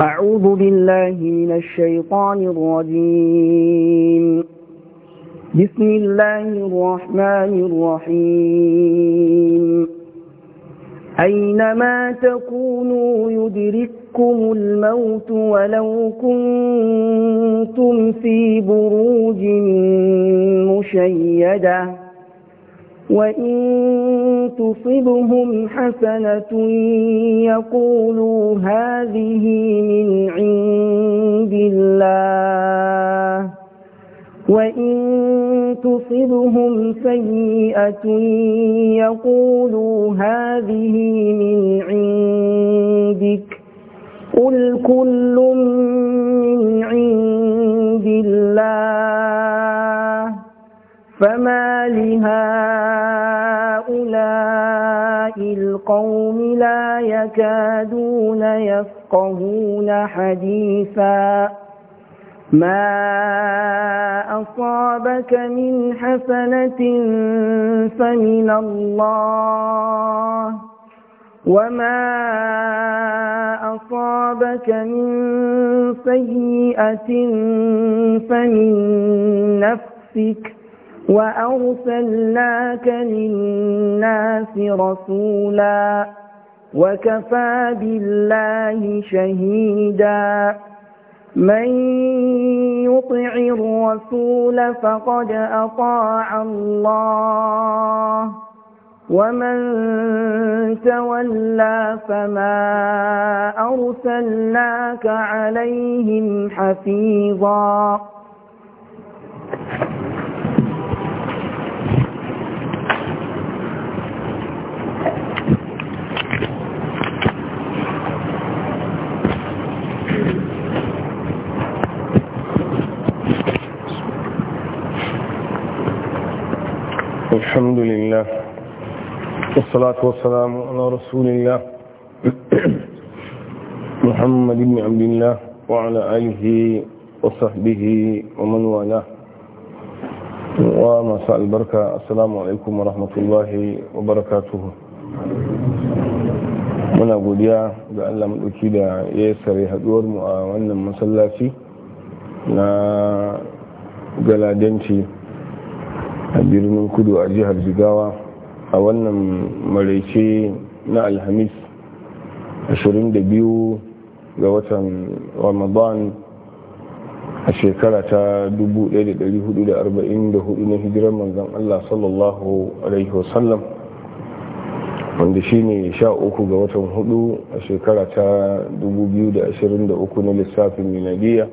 أعوذ بالله من الشيطان الرجيم بسم الله الرحمن الرحيم أينما تكونوا يدرككم الموت ولو كنتم في بروج مشيده وَإِن تُصِبْهُمْ حَسَنَةٌ يَقُولُوا هَذِهِ مِنْ عِندِ اللَّهِ وَإِن تُصِبْهُمْ سَيِّئَةٌ يَقُولُوا هَذِهِ مِنْ عِندِكَ قُلْ كُلٌّ مِنْ عِندِ اللَّهِ فما لهؤلاء القوم لا يكادون يفقهون حديثا ما أصابك من حسنة فمن الله وما أصابك من سيئة فمن نفسك وأرسلناك للناس رسولا وكفى بالله شهيدا من يطع الرسول فقد أطاع الله ومن تولى فما أرسلناك عليهم حفيظا الحمد لله والصلاة والسلام على رسول الله محمد بن عبد الله وعلى آله وصحبه ومن والاه ومساء البركة السلام عليكم ورحمة الله وبركاته muna godiya ga Allah maɗauki da ya sare haɗuwarmu a wannan masallaci na galadanci a birnin kudu a jihar jigawa a wannan maraice na alhamis 22 ga watan ramadan a shekara ta 1444 na hijirar manzan allah sallallahu alaihi wasallam wanda shi ne sha uku ga watan hudu a shekara ta 2023 na lissafin minadiyya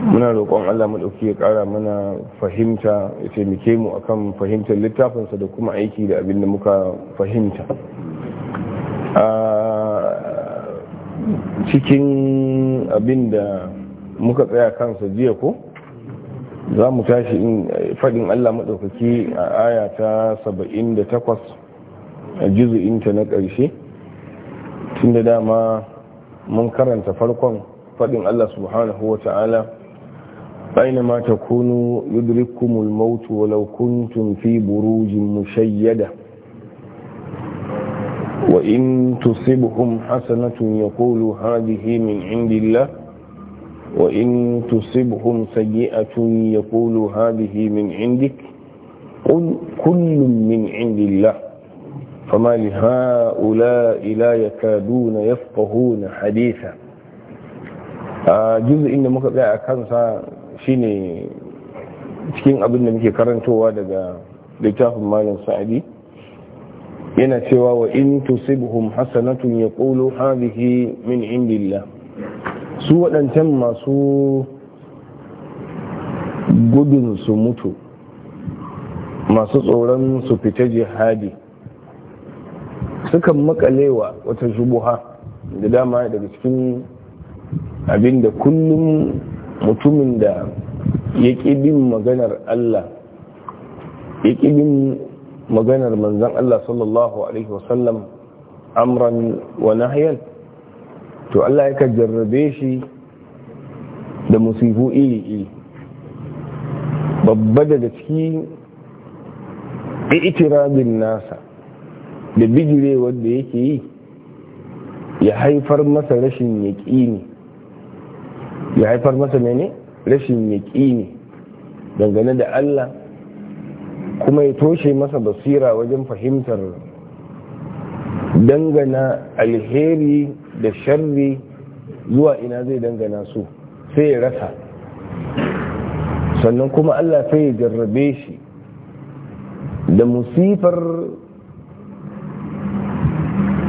muna roƙon Allah mu ɗauki ya ƙara mana fahimta ya taimake mu akan fahimtar littafinsa da kuma aiki da abin da muka fahimta a cikin abin da muka tsaya kansa jiya ko za mu tashi in faɗin Allah maɗaukaki a aya ta 78 a juzu'inta na ƙarshe tun da dama mun karanta farkon faɗin Allah subhanahu wa ta'ala أينما تكونوا يدرككم الموت ولو كنتم في بروج مشيدة وإن تصبهم حسنة يقولوا هذه من عند الله وإن تصبهم سيئة يقولوا هذه من عندك قل كل من عند الله فما لهؤلاء لا يكادون يفقهون حديثا آه، جزء إن مكتب أكنسا shine cikin abin da muke karantowa daga littafin malam sa'adi yana cewa wa in tusibhum hasanatun yaqulu hadhihi min indillah su waɗancan masu gudun su mutu masu tsoron su fita jihadi sukan makalewa wata shubuha da dama daga cikin abinda kullum mutumin da ya bin maganar Allah ya bin maganar manzan Allah sallallahu Alaihi wasallam amran wa nahyan to Allah ya jarrabe shi da musifu iri-iri babba daga ciki itirabin nasa da bijire wanda yake yi ya haifar masa rashin yaƙini ya haifar masa mene rashin ne. dangane da Allah kuma ya toshe masa basira wajen fahimtar dangana alheri da sharri zuwa ina zai dangana su sai ya rasa sannan kuma Allah sai ya jarrabe shi da musifar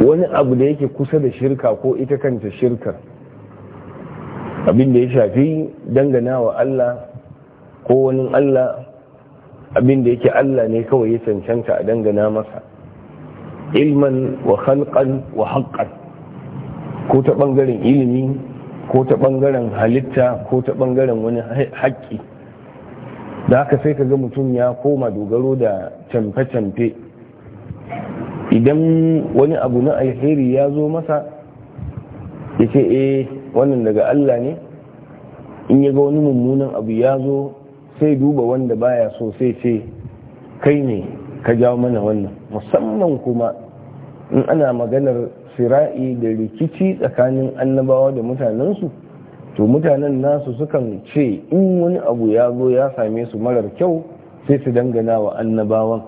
wani abu da yake kusa da shirka ko ita kanta shirkar abin da ya shafi dangana wa Allah ko wani Allah abin da yake Allah ne kawai ya cancanta a dangana masa ilman wa halkan wa haƙƙan ko ta ɓangaren ilimi ko ta ɓangaren halitta ko ta ɓangaren wani haƙƙi da haka sai ka ga mutum ya koma dogaro da camfe-camfe idan wani abu na alheri ya zo masa ya ce eh wannan daga Allah ne in ya ga wani mummunan abu ya zo sai duba wanda baya so sai ce kai ne ka jawo mana wannan musamman kuma in ana maganar sira'i da rikici tsakanin annabawa da mutanensu to mutanen nasu sukan ce in wani abu ya zo ya same su marar kyau sai su dangana wa annabawan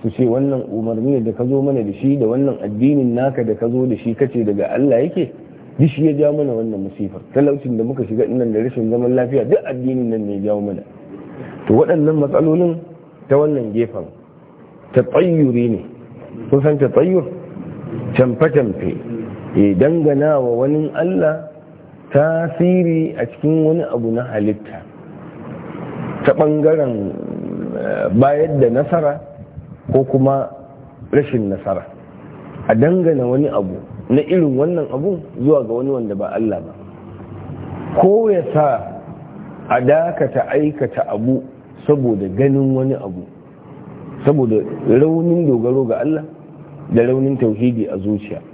su ce wannan umarni da ka zo mana da shi da wannan addinin naka da ka zo da shi kace daga Allah yake duk shi ya ja mana wannan musifar talaucin da muka shiga nan da rashin zaman lafiya duk addinin nan ne ya jawo mana to waɗannan matsalolin ta wannan gefen tsayyuri ne kun san tsayyur tamfe canfe ya dangana wa wani Allah tasiri a cikin wani abu na halitta ta ɓangaren eh, bayar da nasara ko kuma rashin nasara a dangana wani abu na irin wannan abun zuwa ga wani wanda ba Allah ba ko ya sa a dakata aikata abu saboda ganin wani abu saboda raunin dogaro ga Allah da raunin tauhidi a zuciya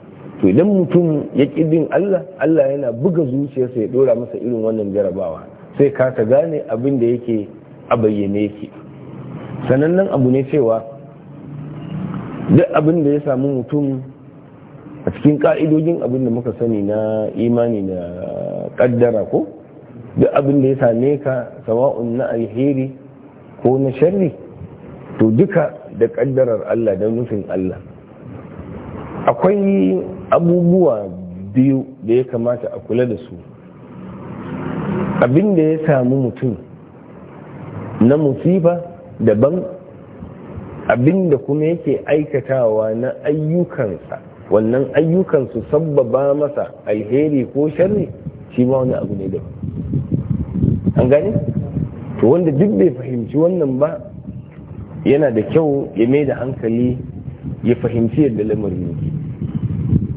to idan mutum ya bin Allah Allah yana buga zuciyarsa ya dora masa irin wannan jarabawa sai kasa gane abin da yake a bayyane yake sanannen abu ne cewa duk abin da ya samu mutum a cikin ka'idojin abin da muka sani na imani da kaddara ko duk abin da ya same ka sawa'un na alheri ko na sharri to duka da kaddarar Allah da nufin Allah akwai abubuwa biyu da ya kamata a kula da su abin da ya samu mutum na musifa daban abin da kuma yake aikatawa na ayyukansa wannan ayyukan su sabbaba masa alheri ko sharri shi ma wani abu ne da an gane to wanda duk bai fahimci wannan ba yana da kyau ya mai da hankali ya fahimci yadda lamarin yake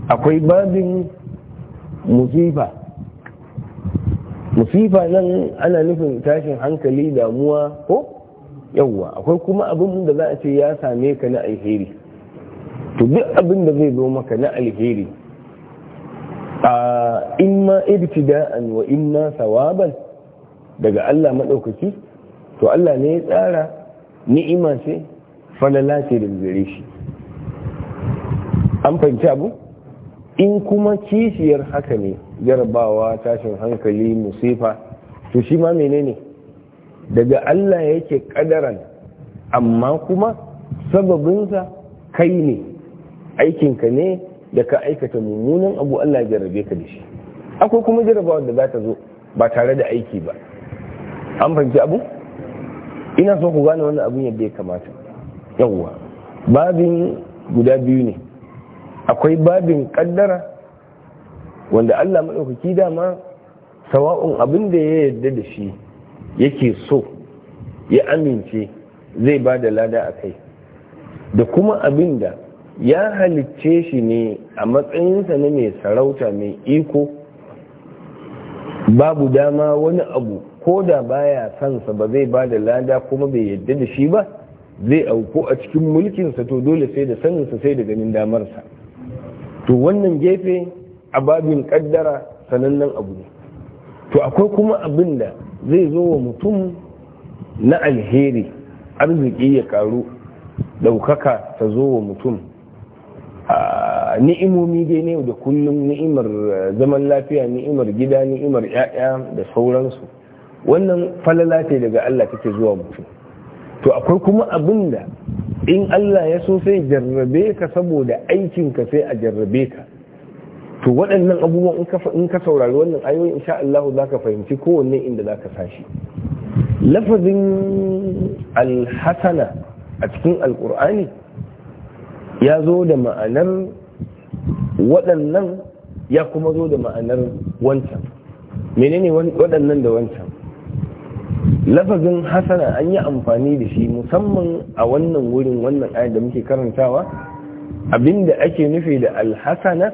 akwai babin musifa musifa nan ana nufin tashin hankali damuwa ko yawwa akwai kuma abin da za a ce ya same ka na alheri to duk abin da zai zo maka na alheri a imma da'an wa imma sawaban daga Allah maɗaukaki to Allah ne ya tsara ni'ima ce falala ce da gare shi an fahimci abu in kuma kishiyar haka ne jarabawa tashin hankali musifa to shi ma menene daga Allah yake ƙadaran. amma kuma sababinsa kai ne aikinka ne da ka aikata mummunan abu Allah ya jarrabe ka da shi akwai kuma jarrabawa da za ta zo ba tare da aiki ba an fahimci abu ina so ku gane wannan abun yadda ya kamata yawwa babin guda biyu ne akwai babin kaddara wanda Allah maɗaukaki dama sawa'un abin da ya yarda da shi yake so ya amince zai bada lada a kai da kuma abin da ya halicce shi ne a matsayinsa na mai sarauta mai iko babu dama wani abu ko da baya sansa ba zai ba da lada kuma bai yadda da shi ba zai auku a cikin mulkinsa to dole sai da saninsa sai da ganin damarsa to wannan gefe a babin kaddara sanannen abu ne to akwai kuma abin da zai zo wa mutum na alheri arziki ya karu daukaka ta zo wa mutum ni'imomi dai ne da kullum ni'imar eh, zaman lafiya ni'imar gida ni'imar ya'ya da sauransu wannan falala ce daga Allah take zuwa mutum to akwai kuma abin da in Allah ya so sai jarrabe ka saboda aikinka sai a jarrabe ka to waɗannan abubuwan in ka saurari wannan ayoyi insha Allah za ka fahimci kowanne inda za ka sashi lafazin alhassana a cikin alkur'ani ya zo da ma'anar waɗannan ya kuma zo da ma'anar wancan menene waɗannan da wancan lafazin hasana an yi amfani da shi musamman a wannan wurin wannan ayar da muke karantawa abinda ake nufi da alhasana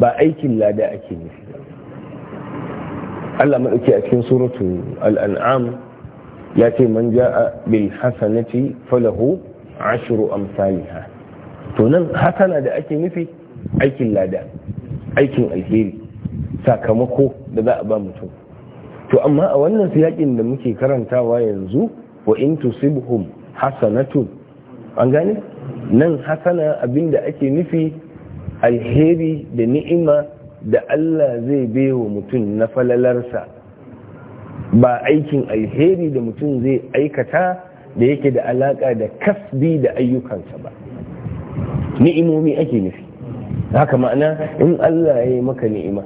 ba aikin lada ake nufi Allah maɗauki a cikin suratu al'an'am ya ce man ja'a bil hasanati falahu ashru amsalha to nan hasana da ake nufi aikin lada aikin alheri sakamako da za a ba mutum to amma a wannan siyakin da muke karantawa yanzu wa in tusibhum hasanatun an gane nan hasana abinda ake nufi alheri da ni'ima da Allah zai wa mutum na falalarsa ba aikin alheri da mutum zai aikata da yake da alaka da kasbi da ayyukansa ba ni'imomi ake nufi haka ma'ana in Allah ya yi maka ni'ima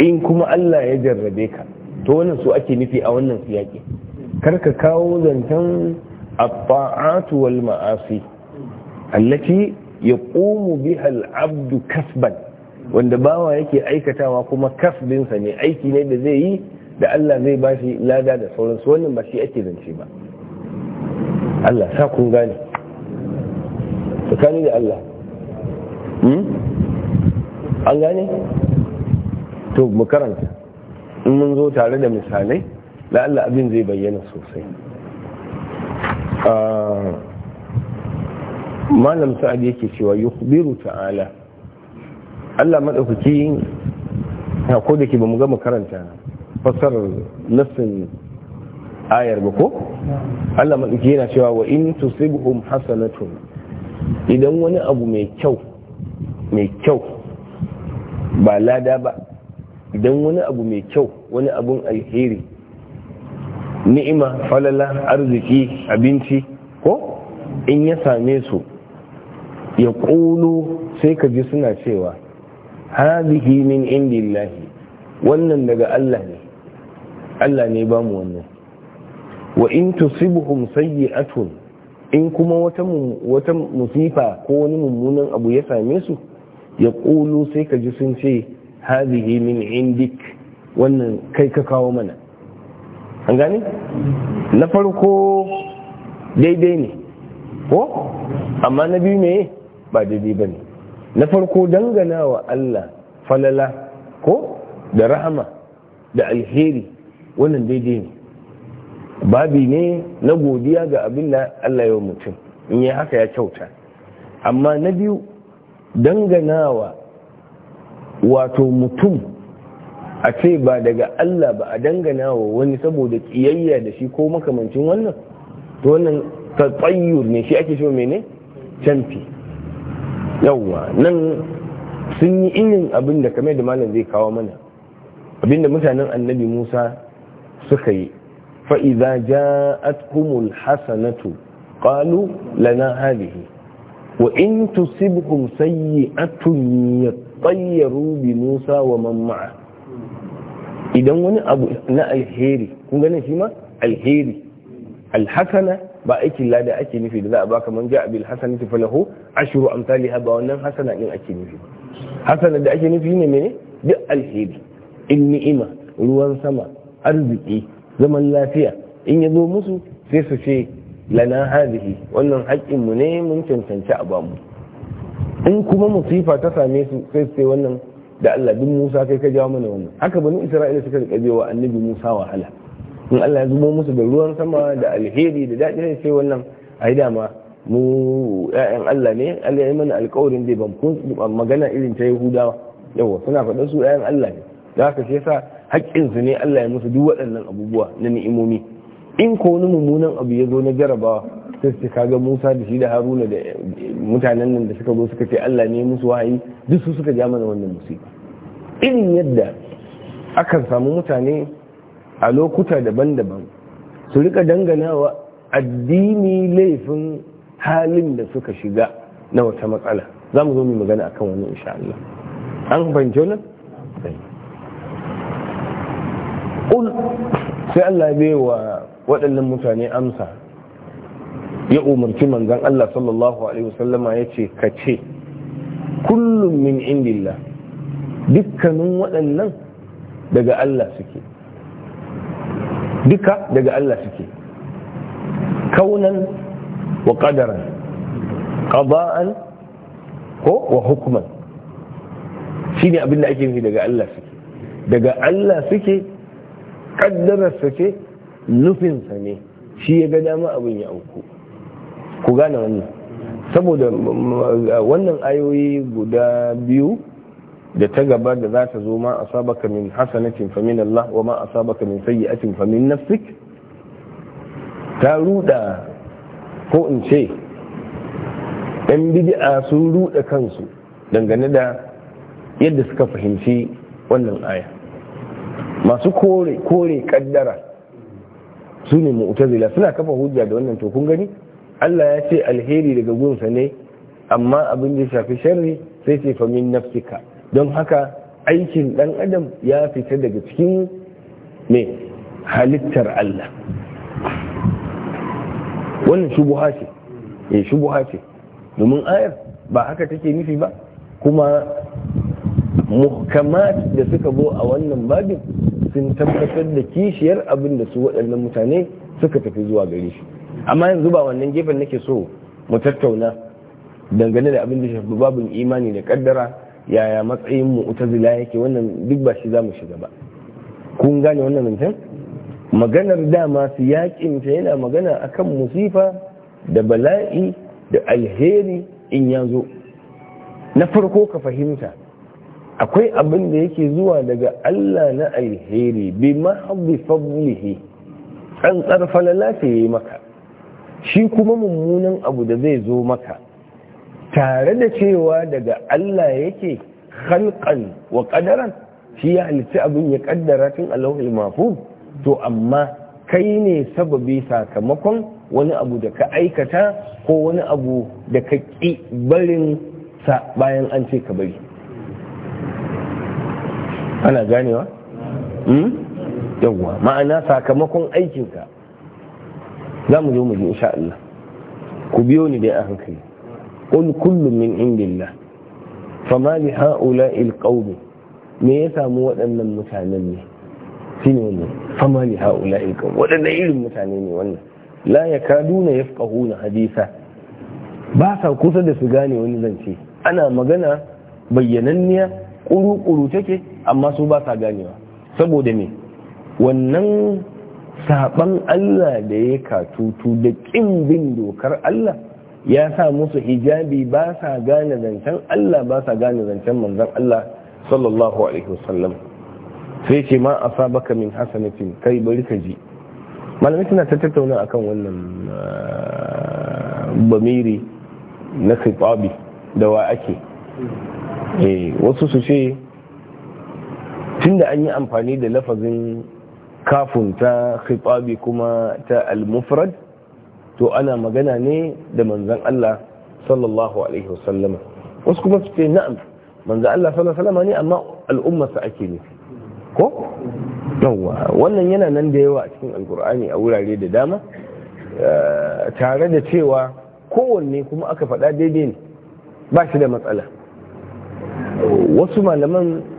in kuma Allah ya jarrabe ka to wannan su ake nufi a wannan siyaki karka kawo zancen abba'atu wal ma'asi allati yaqumu biha al-abdu kasban wanda bawa yake aikatawa kuma kasbinsa ne aiki ne da zai yi da Allah zai bashi lada da sauransu wannan ba shi ake zance ba Allah sa kun gane tsakani da Allah hmm? an gane to mu karanta in mun zo tare da misalai da Allah abin zai bayyana sosai ah, malam sa'ad yake cewa yukhbiru ta'ala Allah maɗaukaki na ko da ke ba mu gama karanta fasar nassin ayar ba ko Allah maɗaukaki yana cewa wa in tusibhum hasanatun idan wani abu mai kyau mai kyau ba lada ba idan wani abu mai kyau wani abun alheri ni'ima falala arziki abinci ko in ya same su ya ƙulu sai ka ji suna cewa hazihi min indillahi wannan daga Allah ne Allah ne ba mu wannan wa in tusibuhum sayyi'atun in kuma wata musifa ko wani mummunan abu ya same su ya ƙulu sai ka ji sun ce hazihi min indik wannan kai ka kawo mana an gane na farko daidai ne ko amma na biyu me ba daidai ba ne na farko dangana wa Allah falala ko da rahama da alheri wannan daidai ne babi ne na godiya ga abin da Allah ya mutum in yi haka ya kyauta amma na biyu danganawa wato mutum a ce ba daga Allah ba a danganawa wani saboda kiyayya da shi ko makamancin wannan to wannan tsayyur ne shi ake so mene canfi yawwa nan sun yi irin abin da kamar da malam zai kawo mana abin da mutanen annabi musa suka yi فإذا جاءتهم الحسنة قالوا لنا هذه وإن تصبهم سيئة يطيروا بموسى ومن معه idan wani abu na alheri kun ganin shi ma alheri alhasana ba aikin lada ake nufi da za a baka man ja'a bil hasanati falahu ashru amsalha ba wannan hasana din ake nufi hasana da ake nufi ne mene duk alheri in ni'ima ruwan sama arziki zaman lafiya in ya zo musu sai su ce lana hadihi wannan haƙƙinmu ne mun cancanci a bamu in kuma musifa ta same su sai su ce wannan da Allah duk Musa kai ka jawo mana wannan haka bani Isra'ila suka rika jewa annabi Musa wahala in Allah ya zubo musu da ruwan sama da alheri da daɗi sai ce wannan ai dama mu ƴaƴan Allah ne Allah ya mana alƙawarin zai ban kun magana irin ta Yahudawa yawa suna faɗa su yayan Allah ne da haka sai sa haƙƙinsu ne Allah ya musu duk waɗannan abubuwa na ni'imomi in ko wani mummunan abu ya zo na jarabawa ta su kaga Musa da shi da Haruna da eh, mutanen nan da suka zo suka ce Allah ne musu wahayi duk su suka ja mana wannan musiba irin yadda akan samu mutane a lokuta daban-daban su rika danganawa addini laifin halin da suka shiga na wata matsala za mu zo mu magana akan wani insha an fahimci wannan ƙul sai Allah bai wa waɗannan mutane amsa ya umarci manzan Allah sallallahu Alaihi wasallama ya ce ka ce kullum min indillah dukkanin waɗannan daga Allah suke duka daga Allah suke kaunan wa ƙadaran ƙaba'an ko wa hukuman shi ne da ake nufi daga Allah suke daga Allah suke kaddararsa ce nufinsa ne shi ya ga dama abin ya auku ku gane wannan saboda mm, mm, wannan ayoyi guda biyu da ta gaba da za ta zo ma asabaka min hasanatin fa Allah wa ma a asabaka min sayyi'atin fa nafsik ta ruda ko in ce yan bid'a sun ruda kansu dangane da yadda suka fahimci wannan aya masu kore kore kaddara su ne mu'tazila suna kafa hujja da wannan to kun gani Allah ya ce alheri daga gunsa ne amma abin da shafi sharri sai sai famin nafsika don haka aikin dan adam ya fita daga cikin mai halittar Allah wannan shubuha ce eh shubuha ce domin ayar ba haka take nufi ba kuma muhkamat da suka zo a wannan babin sun tabbatar da kishiyar abin da su waɗannan mutane suka tafi zuwa gare shi amma yanzu ba wannan gefen nake so mu tattauna dangane da abin da shafi babin imani da kaddara yaya matsayin mu zila yake wannan duk ba shi mu shiga ba kun gane wannan zancen maganar dama su yakin ta yana magana akan musifa da bala'i da alheri in ya zo na farko ka fahimta akwai abin da yake zuwa daga Allah na alheri bi mahabbi fadlihi an tsarfala lafiye maka shi kuma mummunan abu da zai zo maka tare da cewa daga Allah yake halkan wa qadaran shi ya halitta abin ya ƙaddara tun alauhul mahfuz to amma kai ne sababi sakamakon wani abu da ka aikata ko wani abu da ka ƙi barin sa bayan an ce ka bari ana ganewa hmm? yawwa ma'ana sakamakon aikinka za mu zo mu ji insha Allah ku biyo ni dai a hankali kun kullum min indillah ma li ha'ula'i qawmi me ya samu waɗannan mutanen ne shine wannan ma li ha'ula'i qawmi waɗannan irin mutane ne wannan la yakaduna yafqahuna hadisa ba sa kusa da su gane wani zance ana magana bayyananniya kuru-kuru take amma su ba sa ganewa saboda me wannan saban Allah da ya katutu da ƙin bin dokar Allah ya sa musu hijabi ba sa gane zancen Allah ba sa gane zancen manzon Allah sallallahu alaihi wasallam sai ce ma asabaka min hasanatin kai bari ka ji malamai suna ta tattauna akan wannan ah, bamiri na sifabi da wa ake eh, wasu su ce tunda an yi amfani da lafazin kafin ta khitabi kuma ta al-mufrad to ana magana ne da manzan Allah sallallahu alaihi wasallam wasu kuma su ce na'am manzan Allah sallallahu alaihi wasallam ne amma al'ummarsa ake ne ko yawa wannan yana nan da yawa a cikin alkur'ani a wurare da dama eh, tare da cewa kowanne kuma aka faɗa daidai ne ba shi da matsala wasu malaman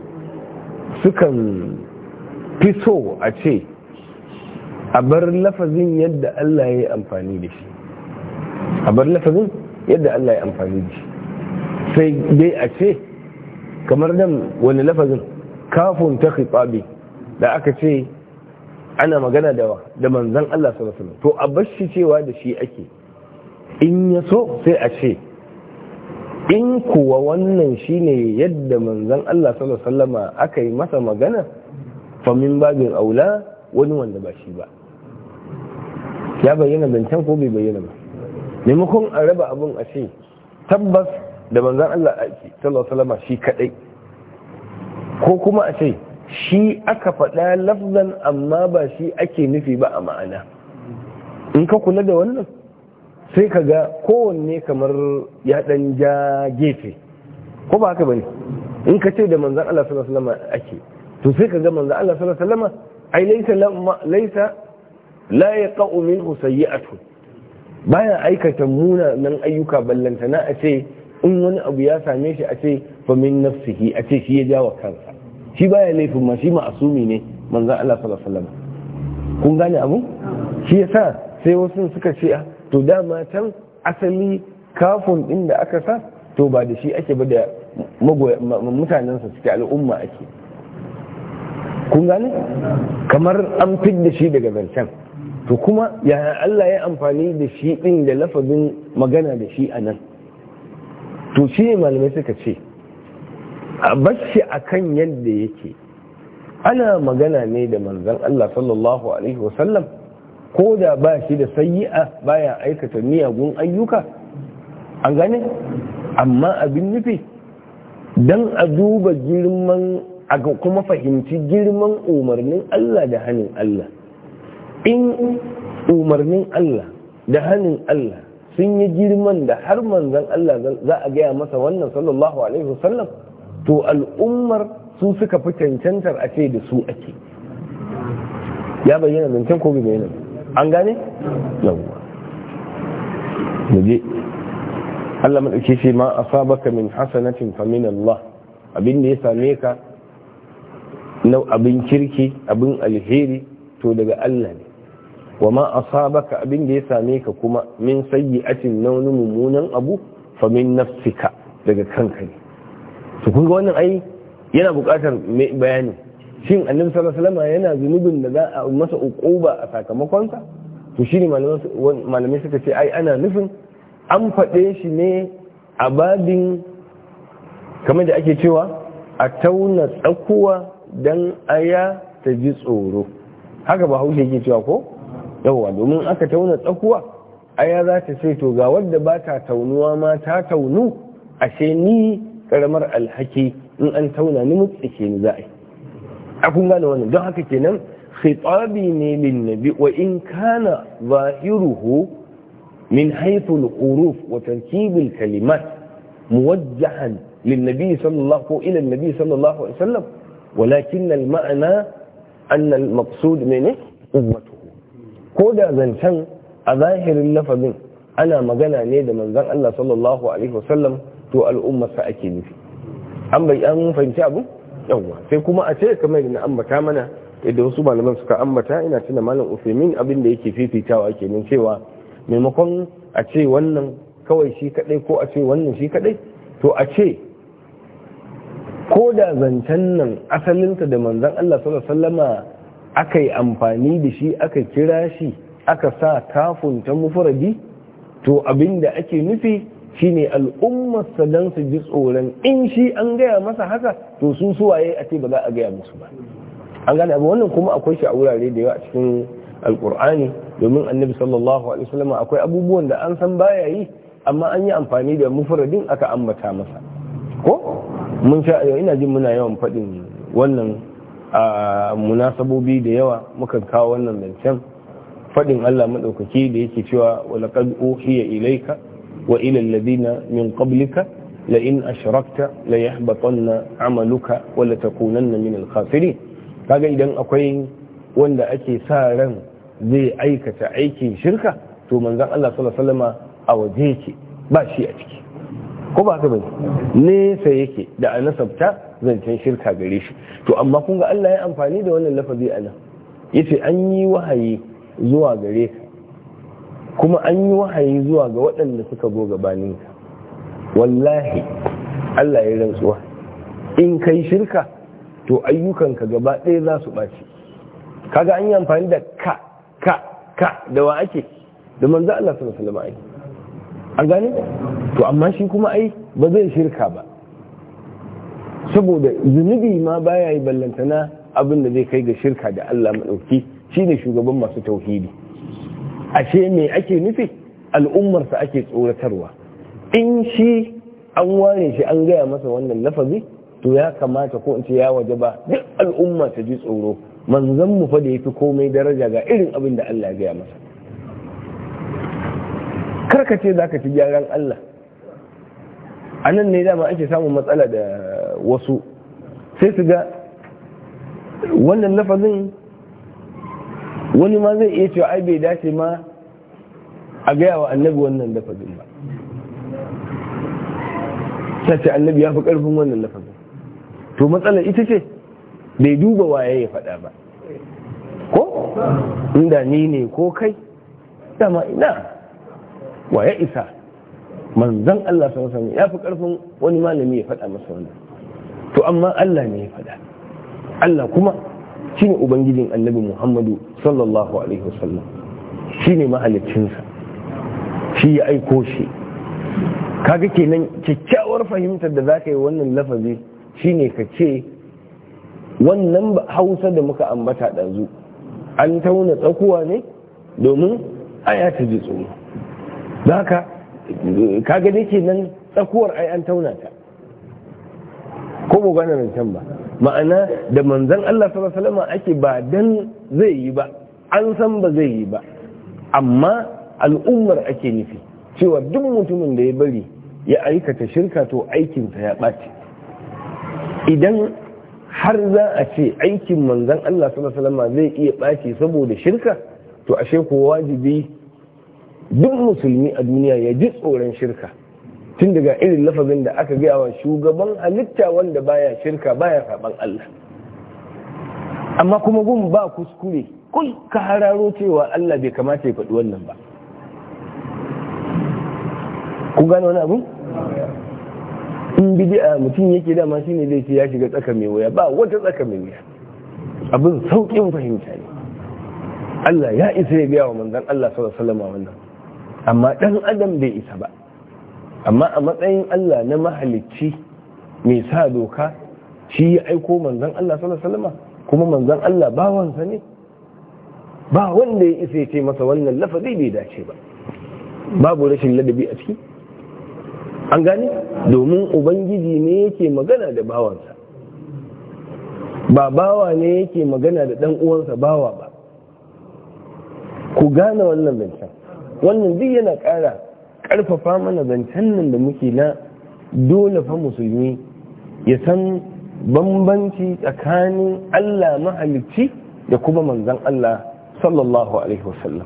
sukan fi so a ce a bar lafazin yadda Allah ya yi amfani da shi a bar lafazin yadda Allah ya amfani da shi sai dai a ce kamar nan wani lafazin kafin ta khitabi da aka ce ana magana da da manzon Allah sallallahu alaihi wasallam to a bar shi cewa da shi ake in ya so sai a ce in kuwa wannan shine yadda manzon Allah sallallahu alaihi wasallama aka yi masa magana fa min babin aula wani wanda ba shi ba ya bayyana zancen ko bai bayyana ba maimakon a raba abun a ce tabbas da manzan Allah ake sallallahu shi kadai ko kuma a ce shi aka faɗa lafzan amma ba shi ake nufi ba a ma'ana in ka kula da wannan sai ka ga kowanne kamar ya dan ja gefe ko ba haka bane in ka ce da manzan Allah sallallahu alaihi wasallam ake to sai ka ga manzan Allah sallallahu alaihi wasallam ai laysa laysa la yaqau minhu sayi'atu baya aikata munanan ayyuka ballantana a ce in wani abu ya same shi a ce fa min nafsihi a ce shi ya jawa kansa shi baya laifin ma shi ma'asumi ne manzan Allah sallallahu alaihi wasallam kun gane abu shi yasa sai wasu suka ce ah, to dama can asali kafin ɗin da aka sa to ba da shi ake bada da mutanensa suke al'umma ake kun gani kamar an fidda da shi daga zancen to kuma yaya Allah ya amfani da shi ɗin da lafazin magana da shi a nan to shi ne malamai suka ce a bashi a kan yadda yake ana magana ne da manzan Allah sallallahu Alaihi wasallam ko da ba shi da sayi'a baya aikata miyagun ayyuka an gane amma abin nufi don a duba girman a kuma fahimci girman umarnin Allah da hannun Allah in umarnin Allah da hannun Allah sun yi girman da har manzan Allah za a gaya masa wannan sallallahu alaihi wasallam to al'ummar su suka fi cancantar a ce da su ake ya bayyana zancen ko bai bayyana an gane yawwa je Allah madauke shi ma a asabaka min hasanatin fa min Allah abin da ya same ka na abin kirki abin alheri to daga Allah ne wa ma a baka abin da ya same ka kuma min sayyi'atin na wani mummunan abu fa nafsika daga kanka ne to wannan ai yana buƙatar bayani shin annabi sallallahu alaihi wasallam yana zunubin da za a masa uquba a sakamakonsa to shine malamai suka ce ai ana nufin an faɗe shi ne a babin kamar da ake cewa a tauna tsakuwa dan aya ta ji tsoro haka ba haushe yake cewa ko yawwa domin aka tauna tsakuwa aya za ta ce to ga wadda ba ta taunuwa ma ta taunu ashe ni karamar alhaki in an tauna ni mutsike ni za Akun gane wani don haka kenan khitabi ne lin nabi wa in kana zahiruhu min haythu al huruf wa tarkib al kalimat muwajjahan lin nabi sallallahu ila an nabi sallallahu alaihi wasallam walakin al ma'na anna al maqsud minhu ummatuhu ko da zancan a zahirin lafazin ana magana ne da manzon Allah sallallahu alaihi wasallam to al'ummarsa ake nufi an bai an fahimci abu yawa sai kuma a ce kamar na ambata mana yadda wasu malaman suka ambata ina tuna malam usaimin abin da yake fifitawa kenan cewa maimakon a ce wannan kawai shi kadai ko a ce wannan shi kadai to a ce ko da zancen nan asalinsa da manzan Allah sallallahu sallama aka yi amfani da shi aka kira shi aka sa kafin ta mufuradi to abin da ake nufi shine al'ummarsa sadan su ji tsoron in shi an gaya masa haka to su suwaye a ce ba za a gaya musu ba an gane abu wannan kuma akwai shi a wurare da yawa a cikin alkur'ani domin annabi sallallahu alaihi wasallam akwai abubuwan da an san baya yi amma an yi amfani da mufradin aka ambata masa ko mun sha ina jin muna yawan faɗin wannan a munasabobi da yawa muka kawo wannan zancen faɗin Allah maɗaukaki da yake cewa walaƙad uhiya ilaika Wa na min وإلى الذين من قبلك لئن أشركت ليحبطن عملك ولتكونن من الخاسرين kaga idan akwai wanda ake sa ran zai aikata aikin shirka to manzon Allah sallallahu alaihi a waje yake ba shi a ciki ko ba haka bane nesa yake da a nasabta zancen shirka gare shi to amma kun ga Allah ya amfani da wannan lafazi a nan yace an yi wahayi zuwa gare ka kuma an yi wahayi zuwa ga waɗanda suka zo gabaninka wallahi Allah ya rantsuwa in kai shirka to ayyukanka gaba ɗaya za su ɓaci kaga an yi amfani da ka ka ka da wa ake da manzo Allah sallallahu alaihi wasallam an gane to amma shi kuma ai ba zai shirka ba saboda zunubi ma baya yi ballantana abin da zai kai ga shirka da Allah maɗauki ne shugaban masu tauhidi ashe me ake nufi al'ummarsa ake tsoratarwa in shi an ware shi an gaya masa wannan lafazi to ya kamata ko in ce ya waje ba duk al'umma ta ji tsoro manzon mu fa da yafi komai daraja ga irin abin da Allah ya gaya masa Kar ka ce zaka ci gyaran Allah a nan ne dama ake samun matsala da wasu sai su ga wannan lafazin wani ma zai iya cewa ai bai dace ma a gaya wa annabi wannan lafazin ba sace annabi ya fi karfin wannan lafazin to matsalar ita ce bai duba waye ya faɗa ba ko inda ni ne ko kai dama ina waye isa manzan Allah sun sami ya fi karfin wani malami ya faɗa masa wannan to amma Allah ne ya faɗa Allah kuma shine ubangijin annabi muhammadu sallallahu alaihi wasallam shine mahaliccinsa shi ya aiko shi kaga kenan kyakkyawar fahimtar da zaka yi wannan lafazi shine ka ce wannan hausa da muka ambata ɗazu an tauna tsakuwa ne domin aya ta ji tsoro haka kaga dai kenan tsakuwar ai an tauna ta ko ba gane can ba ma'ana da manzan Allah sallallahu ake ba dan zai yi ba an san ba zai yi ba amma al'ummar ake nufi cewa duk mutumin da ya bari ya aikata shirka to aikinsa ya ɓace. idan har za a ce aikin manzan Allah sallallahu zai iya ɓace saboda shirka to ashe ko wajibi duk musulmi a duniya ya ji tsoron shirka tun daga irin lafazin da aka gaya wa shugaban halitta wanda baya shirka baya saban Allah amma kuma gun ba kuskure kul ka hararo cewa Allah bai kamata ya faɗi wannan ba Ku gane wani abu in bid'a mutum yake dama ne zai ce ya shiga tsaka mai wuya ba wata tsaka mai wuya abin sauƙin fahimta ne Allah ya isa ya gaya wa manzon Allah sallallahu alaihi wasallam wannan amma dan adam bai isa ba amma a matsayin Allah na mahalicci mai sa doka shi ya aiko manzan Allah salama kuma manzan Allah bawansa ne ba wanda ya isa ya ce masa wannan lafazi bai dace ba babu rashin ladabi a ciki an gane domin ubangiji ne yake magana da bawansa ba bawa ne yake magana da dan uwansa bawa ba ku gane wannan zancen wannan duk yana kara. ƙarfafa mana zancen nan da muke na dole fa musulmi ya san bambanci tsakanin Allah mahalicci da kuma manzan Allah sallallahu alaihi wasallam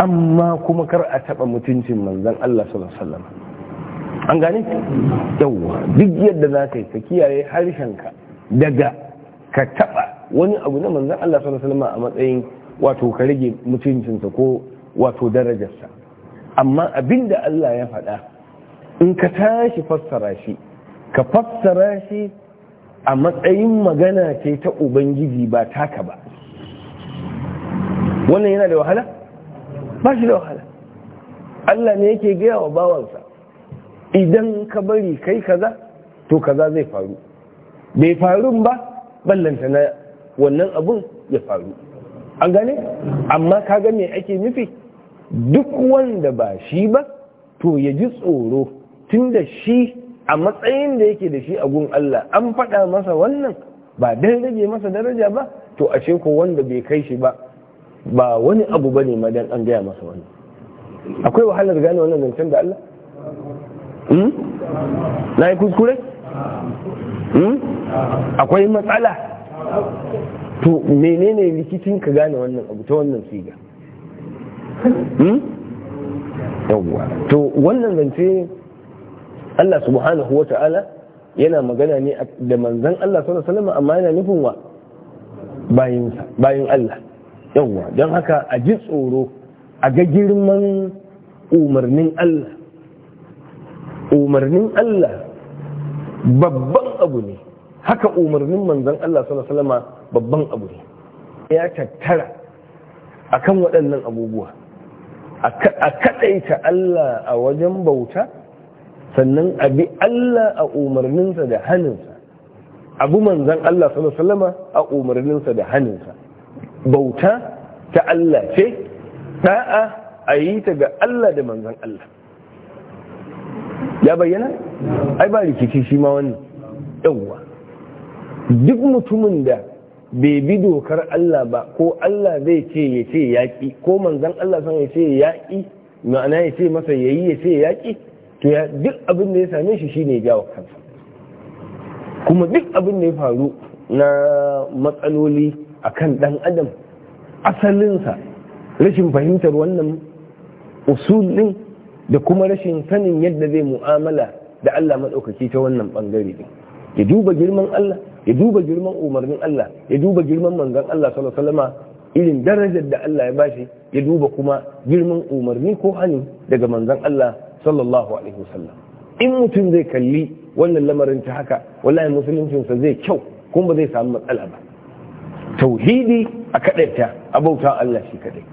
amma kuma kar a taɓa mutuncin manzan Allah sallallahu alaihi wasallam an gani yawwa duk yadda za ka yi ka kiyaye harshenka daga ka taɓa wani abu na manzan Allah sallallahu alaihi wasallam a matsayin wato ka rage mutuncinsa ko wato darajarsa amma abin da Allah ya faɗa in ka tashi fassara shi ka fassara shi a matsayin magana ce ta ubangiji ba taka ba wannan yana da wahala ba shi da wahala Allah ne yake gaya wa bawansa idan ka bari kai kaza to kaza zai faru bai faru ba ballanta na wannan abun ya faru an gane amma ka ga me ake nufi duk wanda ba shi ba to ya ji tsoro tun da shi a matsayin da yake da shi a gun Allah an faɗa masa wannan ba dan rage masa daraja ba to a ce ko wanda bai kai shi ba ba wani abu ba ne madan an gaya masa wannan akwai wahalar gane wannan zancen da Allah hmm? na yi kuskure hmm? akwai matsala to menene rikicin ka gane wannan abu ta wannan siga Hmm? to wannan zance Allah subhanahu wa ta'ala yana magana ne da manzan Allah sallallahu alaihi wasallam amma yana nufin wa bayinsa bayin Allah yawwa don haka a ji tsoro a ga girman umarnin Allah umarnin Allah babban abu ne haka umarnin manzan Allah sallallahu alaihi wasallam babban abu ne ya tattara akan waɗannan abubuwa a kadaita Allah a wajen bauta sannan a bi Allah a umarninsa da hannunsa abu manzan Allah sallama a umarninsa da hannunsa bauta ta Allah ce ta'a a yi ta ga Allah da manzan Allah ya bayyana? ai ba rikici shi ma wannan yawwa duk mutumin da bai bi dokar Allah ba ko Allah zai ce ya ce yaƙi ko manzan Allah san ya ce yaƙi ma'ana ya ce masa ya yi ya ce yaƙi to ya duk abin da ya same shi shine ya jawo kansa kuma duk abin da ya faru na matsaloli a kan ɗan adam asalinsa rashin fahimtar wannan usulin da kuma rashin sanin yadda zai mu'amala da Allah maɗaukaki ta wannan ɓangare ya duba girman Allah ya duba girman umarnin Allah ya duba girman manzon Allah sallallahu irin darajar da Allah ya bashi ya duba kuma girman umarni ko hani daga manzon Allah sallallahu alaihi wasallam in mutum zai kalli wannan lamarin ta haka wallahi musuluncinsa zai kyau kuma ba zai samu matsala ba tauhidi a kaɗaita a bauta Allah shi kadai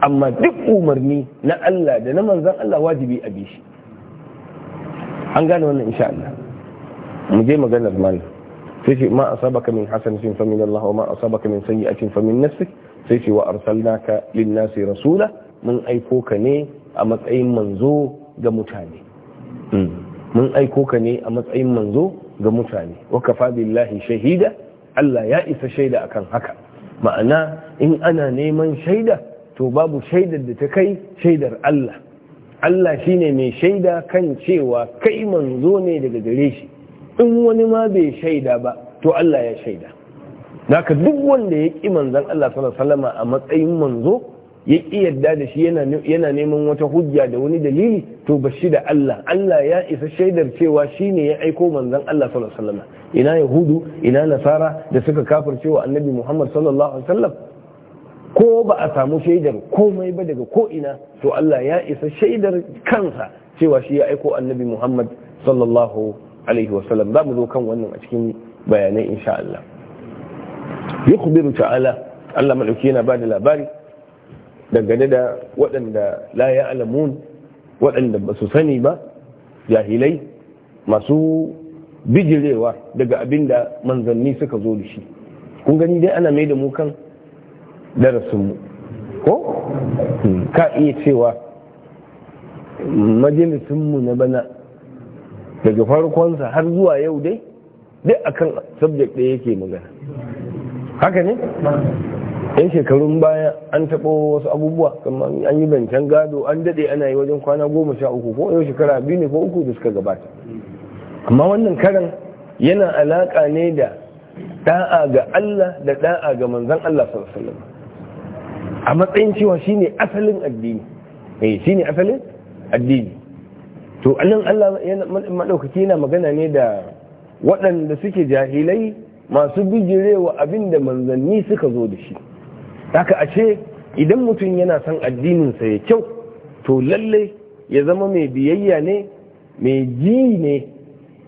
amma duk umarni na Allah da na manzan Allah wajibi a bi an gane wannan insha Allah mu je maganar malam sai ce ma min hasanatin fa min Allah wa ma asabaka Sanyi a fa min nafsik sai ce wa arsalnaka lin nasi rasula mun aiko ka ne a matsayin manzo ga mutane hmm. mun aiko ka ne a matsayin manzo ga mutane wa kafa billahi shahida Allah ya isa shaida akan haka ma'ana in ana neman shaida to babu shaidar da ta kai shaidar Allah Allah shine mai shaida kan cewa kai manzo ne daga gare shi in wani ma bai shaida ba to Allah ya shaida naka duk wanda ya ƙi manzon Allah sallallahu a matsayin manzo ya ƙi yadda da shi yana neman wata hujja da wani dalili to ba shi da Allah Allah ya isa shaidar cewa shi ne ya aiko manzon Allah sallallahu ina yahudu ina nasara da suka kafar cewa annabi Muhammad sallallahu alaihi wasallam ko ba a samu shaidar komai ba daga ko ina to Allah ya isa shaidar kansa cewa shi ya aiko annabi Muhammad sallallahu alaihi wasallam za mu zo kan wannan a cikin bayanai insha Allah yukhbiru ta'ala Allah madauki yana bada labari dangane da waɗanda la ya'lamun waɗanda ba su sani ba jahilai masu bijirewa daga abin da manzanni suka zo da shi kun gani dai ana mai da mu kan darasinmu ko hmm. ka iya cewa mu na bana daga farkonsa har zuwa yau dai duk akan subject ɗaya yake magana haka ne yan shekarun baya an taɓo wasu abubuwa kamar an yi zancen gado an daɗe ana yi wajen kwana goma sha uku ko yau shekara biyu ne ko uku da suka gabata amma wannan karan yana alaƙa ne da ɗa'a ga Allah da ɗa'a ga manzan Allah sallallahu a matsayin cewa shine asalin shine asalin addini eh, to anan Allah maɗaukaki yana magana ne da waɗanda suke jahilai masu bijirewa abin da manzanni suka zo da shi haka ashe idan mutum yana son addininsa ya kyau to lallai ya zama mai biyayya ne mai ji ne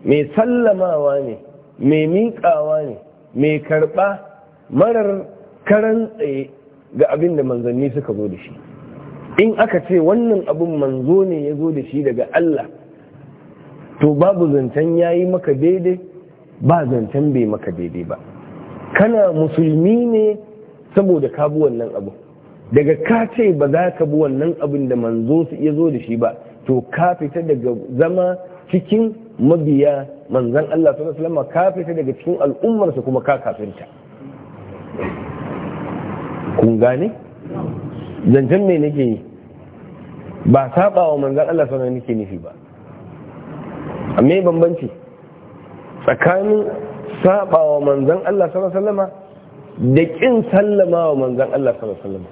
mai sallamawa ne mai miƙawa ne mai karɓa marar karan tsaye ga abinda da manzanni suka zo da shi in aka ce wannan abin manzo ne ya zo da shi daga Allah to babu zancen ya yi maka daidai ba zancen bai maka daidai ba kana musulmi ne saboda ka bi wannan abu daga ka ce ba za ka bi wannan abin da manzo su iya zo da shi ba to ka fita daga zama cikin mabiya manzan Allah sallallahu alaihi ka fita daga cikin al'ummarsa kuma ka kafinta kun gane zancen me nake yi ba saba wa manzan Allah sanar nake nufi ba amma bambanci tsakanin saba wa manzan Allah sanar sallama da kin sallama wa manzan Allah sanar sallama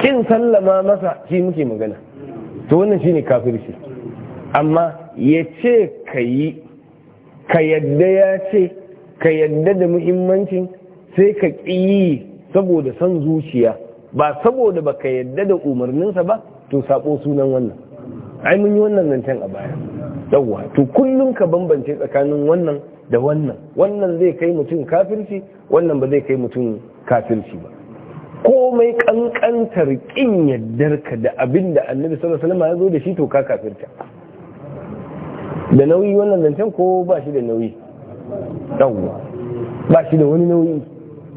kin sallama masa shi muke magana to wannan shine kafirci amma ya ce ka yi ka yadda ya ce ka yadda da muhimmancin sai ka ƙi yi saboda son zuciya ba saboda baka yadda da umarninsa ba to sabo sunan wannan ai mun yi wannan zancen a baya yawwa to kullum ka bambance tsakanin wannan da wannan wannan zai kai mutum kafirci wannan ba zai kai mutum kafirci ba komai kankantar kin ka da abin da annabi sallallahu alaihi wasallam ya zo da shi to ka kafirta da nauyi wannan zancen ko ba shi da nauyi yawwa ba shi da wani nauyi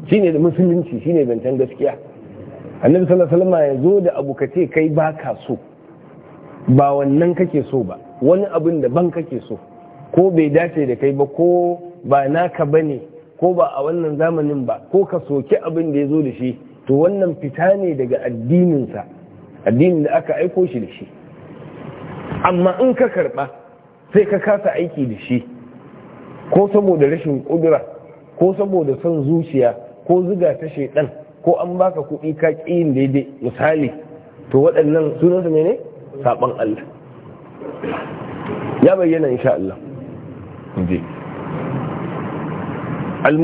shine da musulunci shine zancen gaskiya annabi sallallahu alaihi ya zo da abu ka ce kai baka so ba wannan kake so ba wani abin da ban kake so ko bai dace da kai ba ko ba naka bane ko ba a wannan zamanin ba ko ka soki abin da ya zo da shi to wannan fita ne daga addininsa addinin da aka aiko shi da shi amma in ka karba sai ka kasa aiki da shi ko saboda rashin kudura ko saboda son zuciya ko ziga ta shaidan ko an baka kuɗi ka yin daidai misali to waɗannan sunan ne ne saɓon Allah ya bayyana insha Allah al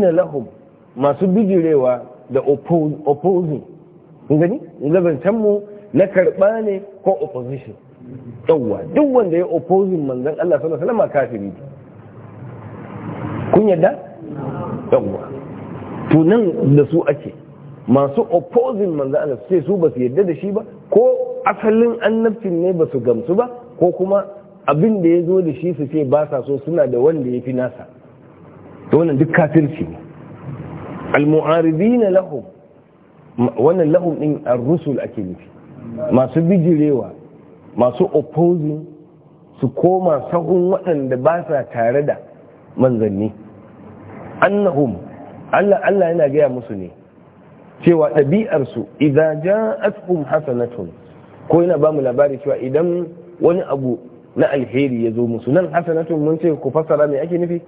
na lahum masu bijirewa da opposing gani zabancan mu na karɓa ne ko opposition yawwa duk wanda ya opposing manzon Allah sallallahu alaihi wasallam kafiri kun yadda yawwa Tunan nan da su ake masu opposing manzo Allah sai su ba su yarda da shi ba ko asalin annabcin ne ba su gamsu ba ko kuma abin da ya zo da shi su ce ba sa so suna da wanda ya fi nasa to wannan duk kafirci ne almu'aridina lahum wannan lahum din ar-rusul ake nufi masu bijirewa masu opposing su koma sahun waɗanda ba sa tare da manzanni annahum Allah Allah yana gaya musu ne cewa ɗabi'arsu idan ja'atkum hasanatun ko yana ba mu labari cewa idan wani abu na alheri ya zo musu nan hasanatun mun ce ku fassara me ake nufi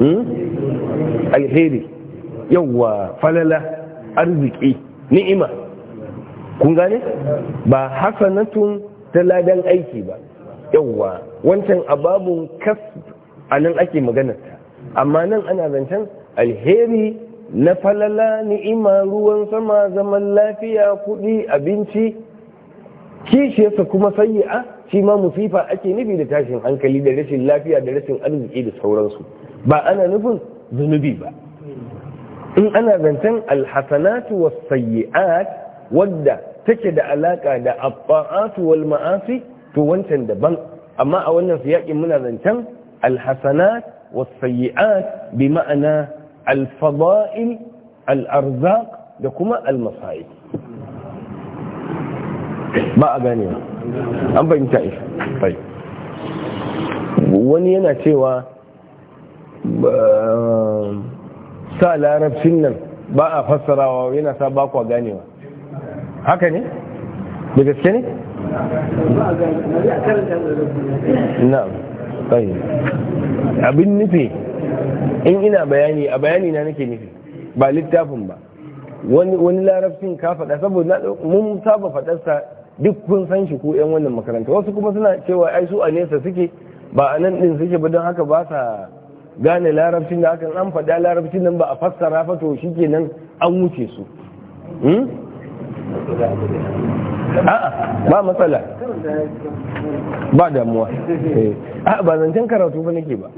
hmm? alheri yawwa falala arziki ni'ima kun gane ba hasanatun ta ladan aiki ba yawwa wancan ababun kas a nan ake maganarta amma nan ana zancen alheri na falala ni'ima ruwan sama zaman lafiya kuɗi abinci kishiyarsa kuma sayi'a shi ma musifa ake nufi da tashin hankali da rashin lafiya da rashin arziki da sauransu ba ana nufin zunubi ba in ana zancen alhasanatu was sayyi'at wadda take da alaka da abba'atu wal ma'asi to wancan daban amma a wannan yaƙin muna zancen alhasanat was sayyi'at bi ma'ana الفضائل الأرزاق لكما المصائب ما أغانيها أم بإمتائها طيب وانينا تيوى آه، سأل عرب سنن با أفسر وانا سأباك وغانيها هكا ني بجسكني نعم abin nufi in ina bayani a bayani na nake nufi ba littafin ba wani larabcin ka faɗa saboda mun saba faɗarsa duk kun san shi ko yan wannan makaranta wasu kuma suna cewa ai su a nesa suke ba a nan din suke ba don haka ba sa gane larabcin da hakan an faɗa larabcin nan ba a fassara fa to shikenan an wuce su hmm? a'a ba matsala ba damuwa eh. a ba zancen karatu ba nake ba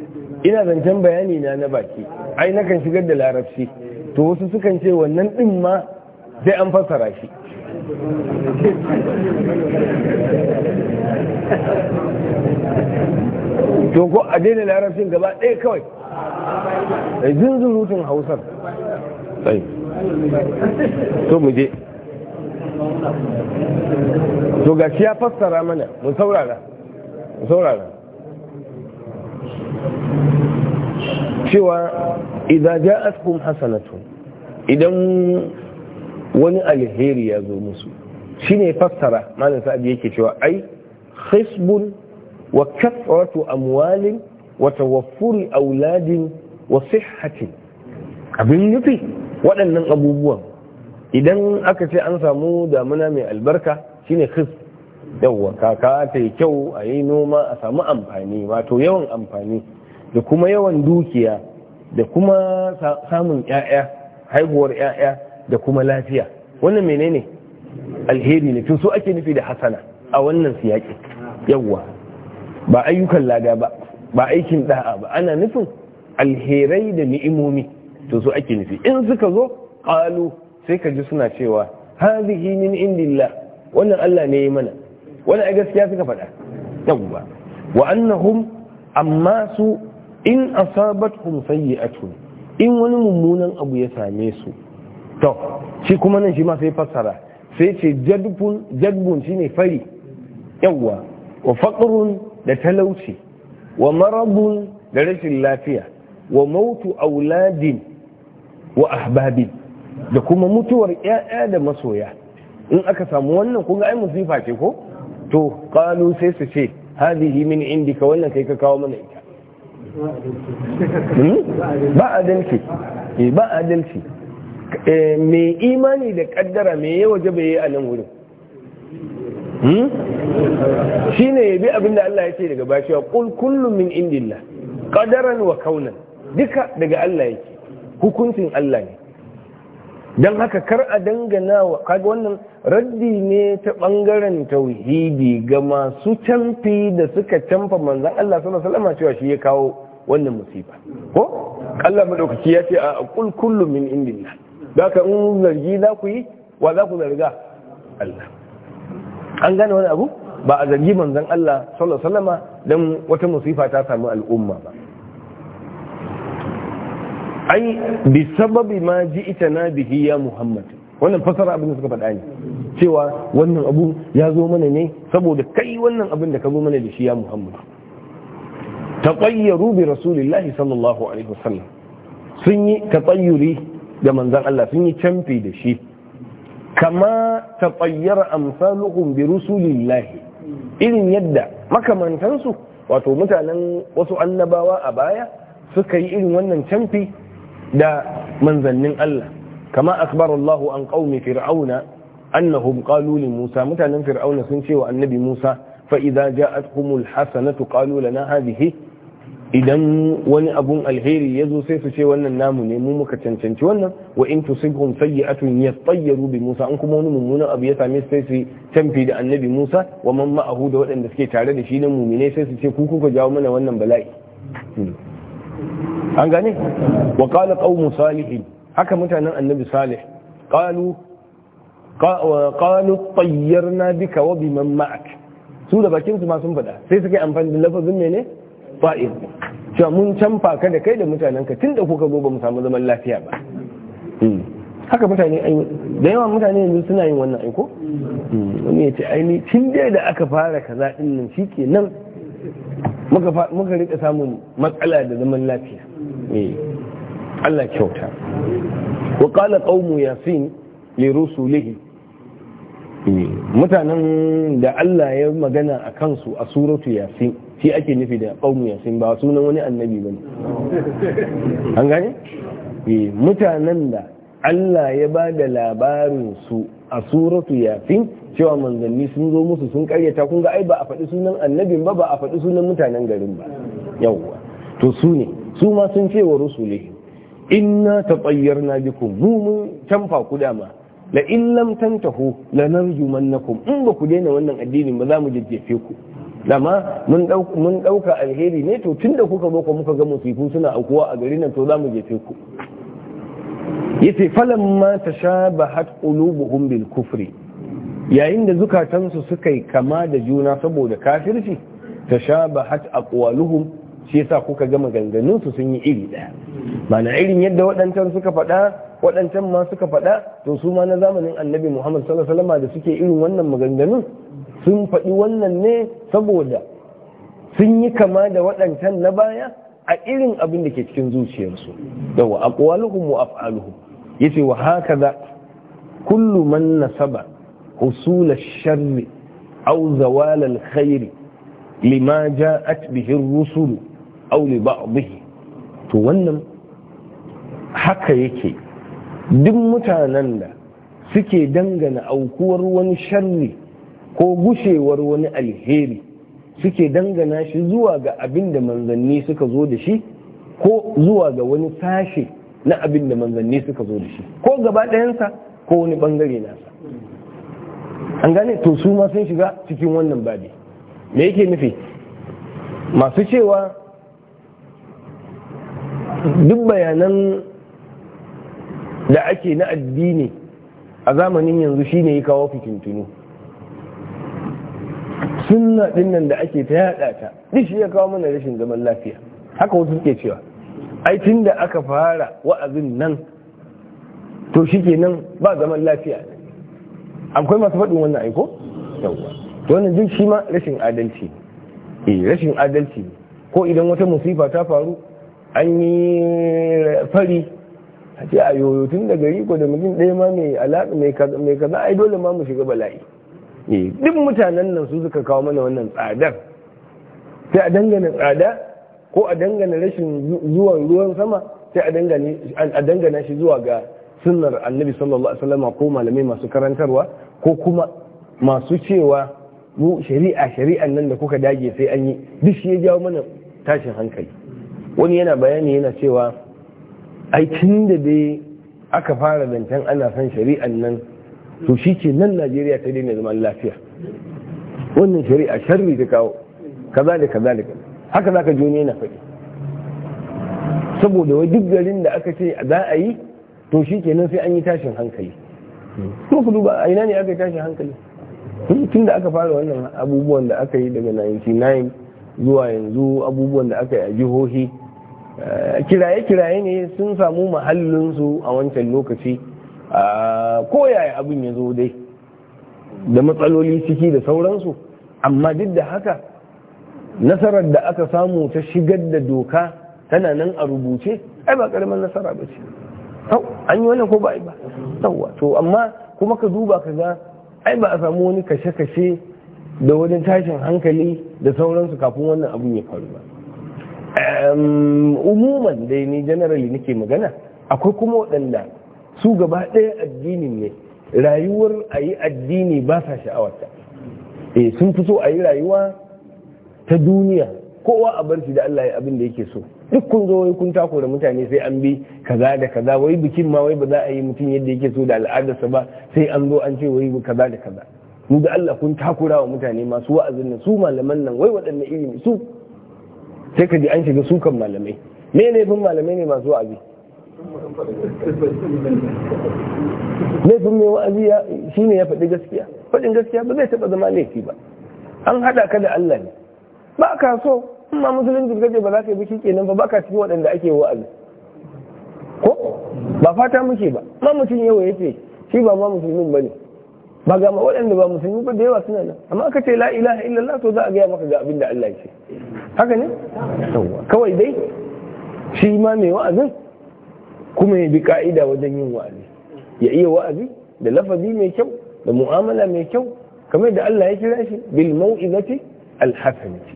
ina zancen bayani na na baki ai nakan shigar da larabci to wasu sukan ce wannan din ma sai an fassara shi to ko a daina larabcin gaba ɗaya kawai da zunzurutun hausar tsaye to mu je to ga shi ya fassara mana mun saurara mun saurara cewa idan ja'atkum hasanatu idan wani alheri ya zo musu shine fassara malam sa'ad yake cewa ai khisbun wa kafaratu amwalin wa tawaffuri auladin wa sihhatin abin nufi waɗannan abubuwan idan aka ce an samu damuna mai albarka shine khis yawwa kaka ta yi kyau a yi noma a samu amfani wato yawan amfani da kuma yawan dukiya da kuma samun 'ya'ya haihuwar 'ya'ya da kuma lafiya wannan menene alheri ne tun so ake nufi da hasana a wannan siyaki yawwa ba ayyukan lada ba ba aikin da'a ba ana nufin alherai da ni'imomi to so ake nufi in suka zo qalu sai ka ji suna cewa hadhihi min indillah wannan Allah ne ya mana wannan a gaskiya suka faɗa yawwa wa annahum amma su in asabatuhum sayyi'atun in wani mummunan abu ya same su to shi kuma nan shi ma sai fassara sai ce jadbun jadbun shine fari yawwa wa faqrun da talauci wa marabun da rashin lafiya wa mautu auladin wa ahbabin da kuma mutuwar ƴaƴa da masoya in aka samu wannan kun ga ai musifa ce ko to qalu sai su ce hadhihi min indika wannan kai ka kawo mana ita hmm? ba adalci eh ba adalci eh, Me imani da kaddara me ya waje yi a nan wurin hmm? shi ne ya bi abinda Allah ya ce daga bashiwa ƙul kullum min indillah ƙadaran wa kaunan duka daga Allah yake hukuncin Allah ne don haka kar a dangana wa kaga wannan raddi ne ta bangaren tauhidi ga masu canfi da suka canfa manzan Allah sallallahu alaihi cewa shi ya kawo wannan musiba ko Allah madaukaki ya ce a kul kullu min indillah ka in zargi za ku yi wa za ku zarga Allah an gane wani abu ba a zargi manzan Allah sallallahu alaihi don dan wata musifa ta samu al'umma ba ai bi sababi ma ita na bihi ya muhammad wannan fasara abin da suka faɗa ne cewa wannan abu ya zo mana ne saboda kai wannan abin da ka zo mana da shi ya muhammad taqayyaru bi rasulillahi sallallahu alaihi wasallam sun yi taqayyuri da manzon Allah sun yi camfi da shi kama taqayyara amsalukum bi rasulillahi irin yadda makamantansu wato mutanen wasu annabawa a baya suka yi irin wannan camfi da manzannin Allah kama akbar Allah an qaumi fir'auna annahum qalu li Musa mutanen fir'auna sun ce wa annabi Musa fa idza ja'atkumul hasanatu qalu lana hadhihi idan wani abun alheri ya zo sai su ce wannan namu ne mu muka cancanci wannan wa in tusibhum sayyi'atun yattayyaru bi Musa an kuma wani mummunan abu ya same su sai su tamfi da annabi Musa wa man ma'ahu da waɗanda suke tare da shi na mumine sai su ce ku kuka jawo mana wannan bala'i an gane wa kala qaumu salihin haka mutanen annabi salih qalu qalu tayyarna bika wa biman ma'ak su da bakin su ma sun faɗa sai suka yi amfani da lafazin mene fa'il cewa mun canfa ka da kai da mutanen ka tunda kuka zo ba mu samu zaman lafiya ba hmm. haka mutane da yawan mutane yanzu suna yin wannan aiko hmm. wani ya ce aini tun dai da aka fara kaza din nan shi ke nan muka rika samun matsala da zaman lafiya Eh, Allah kyauta wa qala yasin li rusulihi eh, mutanen da Allah ya magana a kansu a suratu yasin shi ake nufi da qaumu yasin ba sunan wani annabi ne an gani? Eh, mutanen da Allah ya ba da labarin su a suratu yasin cewa manzanni sun zo musu sun karyata kun ga ai ba a faɗi sunan annabin ba ba a faɗi sunan mutanen garin ba yawwa to su ne su ma sun ce wa rusuli inna tatayyarna bikum mu mun canfa ku dama la in lam tantahu la narjumannakum in ba ku daina wannan addinin ba za mu jajjefe ku dama mun ɗauka alheri ne to tun da kuka zo muka ga musifu suna aukuwa a gari nan to za mu jefe ku yace falan ma ta sha qulubuhum bil kufri yayin da zukatansu suka yi kama da juna saboda kafirci a aqwaluhum shi yasa kuka ga maganganun su sun yi iri daya mana irin yadda waɗancan suka faɗa waɗancan ma suka faɗa to su ma na zamanin annabi muhammad sallallahu alaihi wasallam da suke irin wannan maganganun sun faɗi wannan ne saboda sun yi kama da waɗancan na baya a irin abin da ke cikin zuciyarsu yawa aqwaluhum wa af'aluhum yace wa hakaza kullu man nasaba husul ash-sharri aw zawal al-khair lima ja'at bihi ar-rusul auli ba'dihi to wannan haka yake duk mutanen da suke dangana aukuwar wani sharri ko gushewar wani alheri suke dangana shi zuwa ga abin da manzanni suka zo da shi ko zuwa ga wani sashe na abinda da manzanni suka zo da shi ko gaba ɗayansa ko wani ɓangare nasa an gane to su ma sun shiga cikin wannan babi me yake nufi masu cewa duk bayanan da ake na addini a zamanin yanzu shine ya kawo fitintunu sunna dinnan da ake ta yada ta duk shi ya kawo mana rashin zaman lafiya haka wasu suke cewa ai tun da aka fara wa'azin nan to shi nan ba zaman lafiya akwai masu faɗin wannan aiko yawwa to wannan duk shi ma rashin adalci eh rashin adalci ko idan wata musifa ta faru an yi fari a ce a yoyo tun da gari ko da mutum ɗaya ma mai alaƙa mai kaza ai dole ma mu shiga bala'i eh, duk mutanen nan su suka kawo mana wannan tsadar sai a dangane tsada ko a dangane rashin zuwan ruwan sama sai a dangana shi zuwa ga sunnar annabi sallallahu alaihi wasallam ko malamai masu karantarwa ko kuma masu cewa mu shari'a shari'an nan da kuka dage sai an yi duk shi ya jawo mana tashin hankali wani yana bayani yana cewa ai tun da dai aka fara zancen ana son shari'an nan to shi ke nan najeriya ta daina zaman lafiya wannan shari'a sharri ta kawo kaza da kaza da haka za ka ji wani yana faɗi saboda wai duk garin da aka ce za a yi to shi ke nan sai an yi tashin hankali to ku duba a ina ne aka yi tashin hankali tun da aka fara wannan abubuwan da aka yi daga 99 zuwa yanzu abubuwan da aka yi a jihohi kiraye-kiraye ne sun samu mahallinsu a wancan lokaci ko yaya abin ya zo dai da matsaloli ciki da sauransu amma duk da haka nasarar da aka samu ta shigar da doka tana nan a rubuce ai ba karamin nasara ba ce an yi wannan ko ba ba ba to amma kuma ka duba ka ga ai ba a samu wani kashe-kashe da wani tashin hankali da sauransu kafin wannan abin ya faru ba umuman dai ni generally nake magana akwai kuma waɗanda su gaba ɗaya addinin ne rayuwar a yi addini ba sa sha'awarta e sun fi so a yi rayuwa ta duniya kowa a barci da Allah ya abin da yake so duk kun zo wai kun tako da mutane sai an bi kaza da kaza wai bikin ma wai ba za a yi mutum yadda yake so da al'adarsa ba sai an zo an ce wai kaza da kaza mu da Allah kun takura wa mutane masu wa'azin su malaman nan wai waɗanne ilimi su sai ka ji an shiga sukan malamai me ne fin malamai ne masu wa'azi laifin mai wa'azi shi ne ya faɗi gaskiya faɗin gaskiya ba zai taɓa zama laifi ba an haɗa ka da Allah ne ba ka so Amma ma gaje ba za ka yi biki kenan ba ba ka cikin waɗanda ake wa'azi ko ba fata muke ba ma mutum yawa ya ce shi ba ma musulun ba ne ba ga ma waɗanda ba musulmi ba da yawa suna nan amma aka ce la ilaha illallah to za a gaya maka ga abinda Allah ya haka ne kawai dai shi ma mai wa'azin kuma ya bi ka'ida wajen yin wa'azi ya iya wa'azi da lafazi mai kyau da mu'amala mai kyau kamar da Allah ya kira shi bil mau'izati al hasanati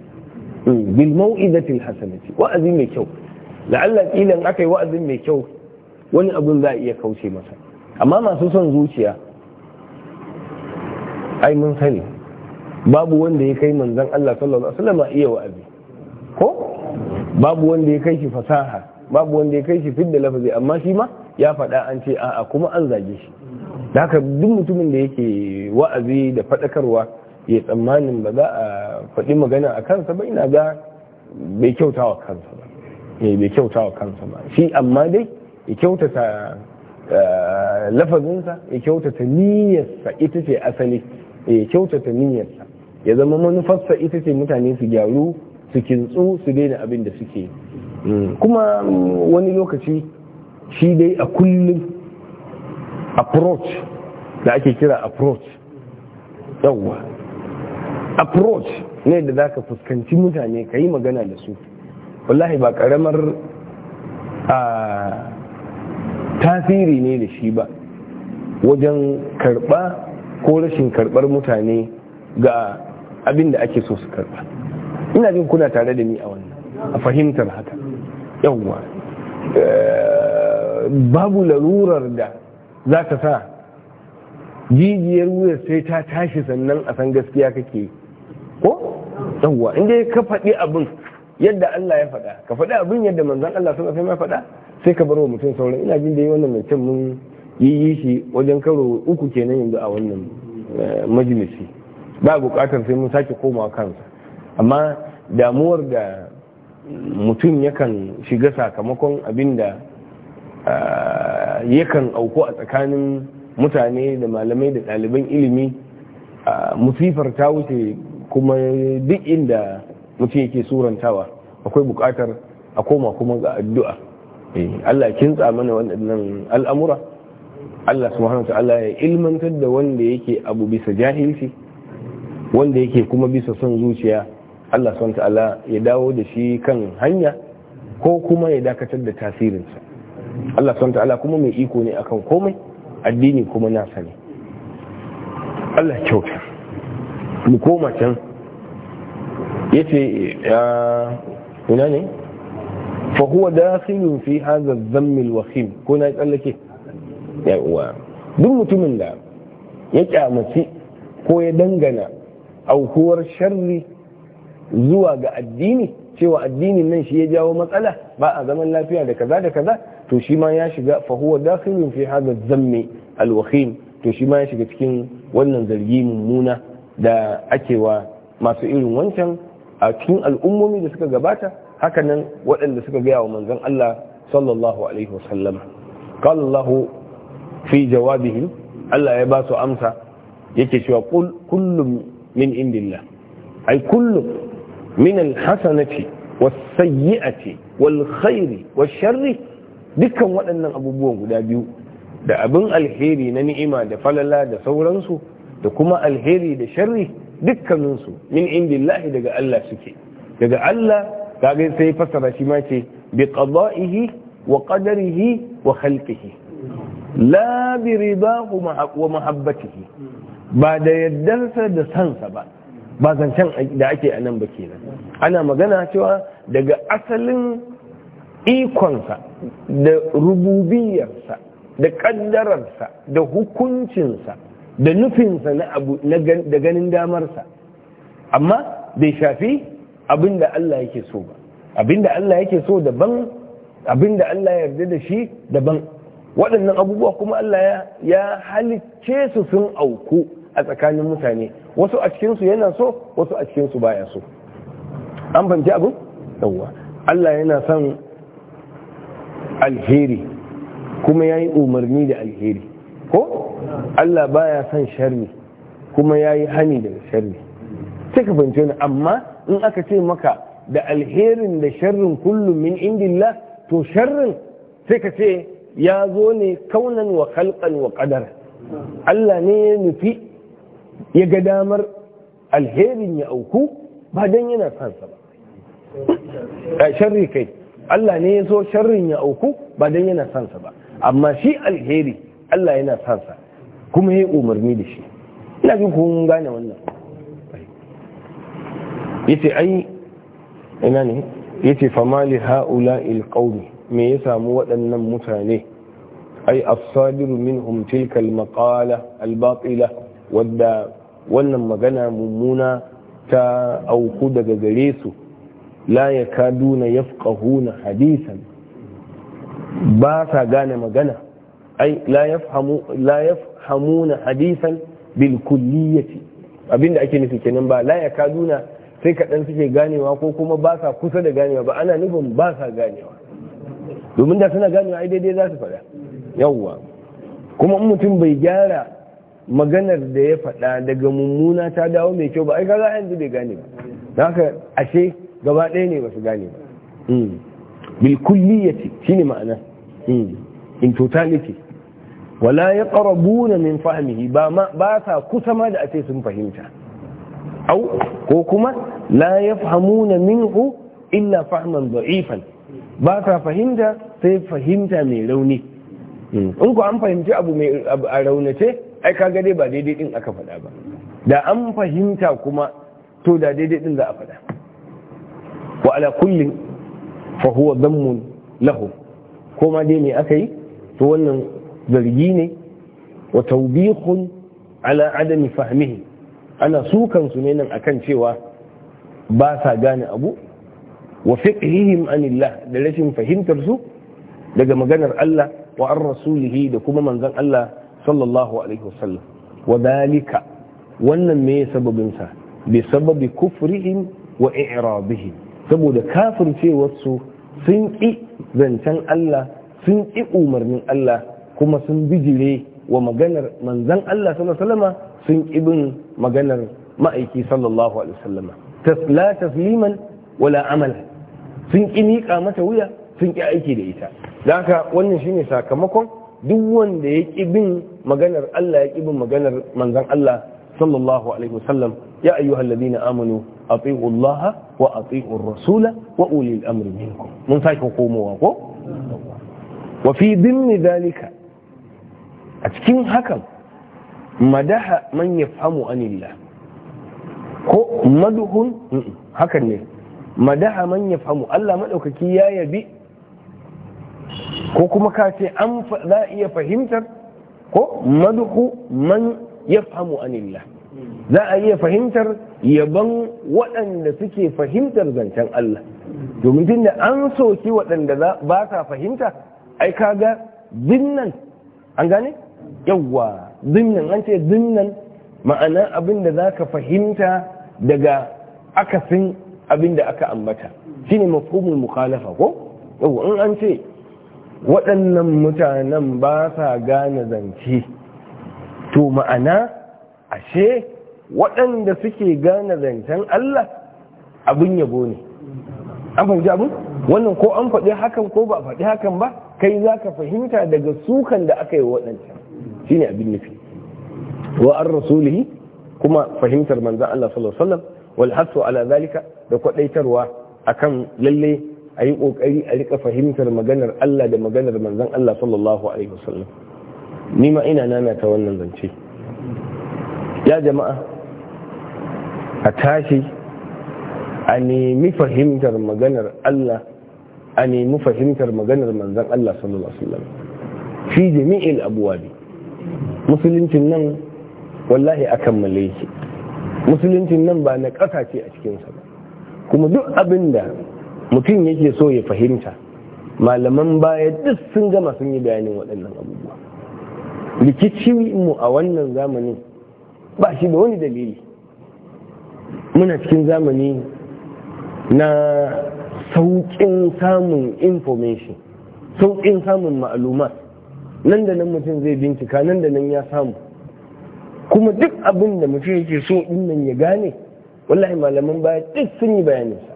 mm, bil mau'izati al hasanati wa'azi mai kyau Allah kilan akai wa'azin mai kyau wani abun za a iya kauce masa amma masu son zuciya ai mun sani babu wanda ya kai manzon Allah sallallahu alaihi wasallam iya wa'azi ko babu wanda ya kai shi fasaha babu wanda ya kai shi fidda lafazi amma shi ma ya faɗa an ce a'a kuma an zage shi da haka duk mutumin da yake wa'azi da faɗakarwa ya tsammanin ba za a faɗi magana a kansa ba ina ga bai kyauta wa kansa ba eh, bai kyauta wa kansa ba shi amma dai ya kyautata eh, lafazinsa ya kyautata niyyarsa ita ce asali ya kyautata niyyarsa ya zama manufarsa ita ce mutane su gyaru su kintsu su daina abin da suke mm. kuma wani lokaci shi dai a kullum approach da ake kira approach yawwa approach ne da za ka fuskanci mutane ka yi magana da su wallahi ba karamar tasiri ne da shi ba wajen karba ko rashin karbar mutane ga abin da ake so su karba ina jin kuna tare da ni a wannan a fahimtar haka yawwa eh, babu larurar da za ta sa jijiyar wuyar sai ta tashi sannan a san gaskiya kake ko yawwa inda ka faɗi abin yadda Allah ya faɗa ka faɗi abin yadda manzan Allah sun ma faɗa sai ka bar wa mutum sauran ina jin da yi wannan mai mun yi yi shi wajen karo uku kenan yanzu a wannan eh, majalisi ba bukatar sai mun sake komawa kansa amma damuwar da mutum yakan shiga sakamakon abin da eh, yakan auku a tsakanin mutane da malamai da ɗaliban ilimi musifar ta wuce kuma duk inda mutum yake surantawa akwai bukatar a koma kuma ga addu'a eh, Allah kintsa mana wannan al'amura Allah subhanahu ta'ala ya ilmantar da wanda yake abu bisa jahilci wanda yake kuma bisa son zuciya Allah subhanahu ta'ala ya dawo da shi kan hanya ko kuma ya dakatar da tasirinsa Allah subhanahu ta'ala kuma mai iko ne akan komai addini kuma nasa ne Allah kyauta mu koma can yace ina ne fa huwa dakhilun fi hadha adh-dhamm al-wakhim ko na tsallake uwa duk mutumin da ya kyamaci ko ya dangana aukuwar sharri zuwa ga addini cewa addinin nan shi ya jawo matsala ba a zaman lafiya da kaza da kaza to shi ma ya shiga fahuwa huwa dakhilun fi hadha zamme alwakhim to shi ma ya shiga cikin wannan zargi mummuna da akewa masu irin wancan a cikin al'ummomi da suka gabata hakanan waɗanda suka gaya wa manzon Allah sallallahu alaihi wasallam qala fi jawabihi Allah ya ba su amsa yake cewa kullum min indilla, ai kullum min alhasanati ce wal khairi sharri dukkan waɗannan abubuwan guda biyu da abin alheri na ni'ima da falala da sauransu da kuma alheri da sharri dukkaninsu min indillahi daga Allah suke daga Allah kaga sai fasara shi ma ce bi qada'ihi wa qadarihi wa khalqihi Labiri bi ridahu wa ba da yardarsa da sansa ba ba zancen da ake a nan ba nan. ana magana cewa daga asalin ikonsa da rububiyarsa da kaddararsa da hukuncinsa da nufinsa da ganin damarsa amma bai shafi abinda Allah yake so ba Abinda Allah yake so daban abinda Allah yarda da shi daban waɗannan abubuwa kuma Allah ya halicce su sun auku a tsakanin mutane wasu a cikinsu yana so wasu a cikinsu baya so an fahimci abin yawwa Allah yana son alheri kuma ya yi umarni da alheri ko Allah baya son sharri kuma ya yi hani da sharri sai ka fahimci wani amma in aka ce maka da alherin da sharrin kullum min indillah to sharrin sai ka ce ya zo ne kaunan wa khalqan wa qadar Allah ne ya nufi ya ga damar alherin ya auku ba dan yana sansa ba a sharri kai Allah ne ya so sharrin ya auku ba dan yana sansa ba amma shi alheri Allah yana sansa kuma ya umarni da shi ina jin kun gane wannan yace ai ina ne yace famali haula il qaumi me ya samu waɗannan mutane ai as-sabiru minhum tilka al-maqala al wadda wannan magana mummuna ta auku daga gare su la yakaduna yafqahuna hadisan ba sa gane magana ai la yafhamu la yafhamuna hadisan bil kulliyati abinda ake nufi kenan ba la yakaduna sai kaɗan suke ganewa ko kuma ba sa kusa da ganewa ba ana nufin ba sa ganewa domin da suna gano ai daidai za su faɗa yawwa kuma in mutum bai gyara maganar da ya faɗa daga mummuna ta dawo mai kyau ba ai kaga yanzu bai gane ba don haka ashe gaba ɗaya ne ba su gane ba mm. bil kulliyati shine ma'ana mm. in totality wala ya min fahimihi ba sa kusa ma da a sun fahimta au ko kuma la ya minhu illa fahman da'ifan ba sa fahimta sai fahimta mai rauni hmm. in ku an fahimci abu mai a raunace ai kaga dai ba daidai din aka faɗa ba da an fahimta kuma to da daidai din za a faɗa wa ala kullin fa huwa dhammun lahu kuma dai me aka yi to wannan zargi ne wa tawbihun ala adami fahmihi ana sukan su ne nan akan cewa ba sa gane abu wa fiqhihim anillah da rashin fahimtar su daga maganar Allah wa an rasulihi da kuma manzon Allah sallallahu alaihi wasallam wa dalika wannan me sababin sa bi sababi kufrihim wa i'radihim saboda kafircewar su sun ƙi zancen Allah sun ƙi umarnin Allah kuma sun bijire wa maganar manzan Allah sallama sun ƙi bin maganar ma'aiki sallallahu alaihi wasallama tasla tasliman wala amala. sun ƙi miƙa mata wuya sun ƙi aiki da ita da haka wannan shine sakamakon duk wanda ya ƙi bin maganar Allah ya ƙi bin maganar manzan Allah sallallahu alaihi wasallam ya ayyuhal ladina amanu atii'u Allah wa atii'u rasula wa ulil amri minkum mun sake komowa ko wa fi dhimmi dhalika a cikin hakan madaha man yafhamu anillah ko maduhun hakan ne madaha man ya famu Allah madaukaki ya yabi ko kuma ka ce an za iya fahimtar ko madhu man ya famu anillah za a iya fahimtar yaban waɗanda suke fahimtar zancen Allah domin da an soki waɗanda ba sa fahimta ai kaga dinnan an gane yawwa dinnan an ce dinnan ma'ana abin da za ka fahimta daga akasin abin da aka ambata shine mafhumul mukhalafa ko yau in an ce waɗannan mutanen ba sa gane zance to ma'ana ashe waɗanda suke gane zancen Allah abin yabo ne an fahimci abin wannan ko an faɗi hakan ko ba faɗi hakan ba kai za ka fahimta daga sukan da aka yi waɗancan shine abin nufi wa an rasulihi kuma fahimtar manzan Allah sallallahu walhassu ala da kwadaitarwa akan lalle a yi kokari a rika fahimtar maganar Allah da maganar manzan Allah sallallahu alaihi wasallam ni ma ina nana ta wannan zance ya jama'a a tashi a nemi fahimtar maganar Allah a nemi fahimtar maganar manzan Allah sallallahu alaihi wasallam fi jami'il abwabi musuluncin nan a kammale shi. musuluncin nan ba na ƙasa ce a cikinsa ba kuma duk abin da mutum yake so ya fahimta malaman baya duk sun gama sun yi bayanin waɗannan abubuwa rikici mu a wannan zamani, ba shi da wani dalili muna cikin zamani na sauƙin samun information sauƙin samun ma'aluma nan da nan mutum zai bincika nan da nan ya samu kuma duk abin da mutum yake so in nan ya gane wallahi malaman baya duk sun yi bayaninsa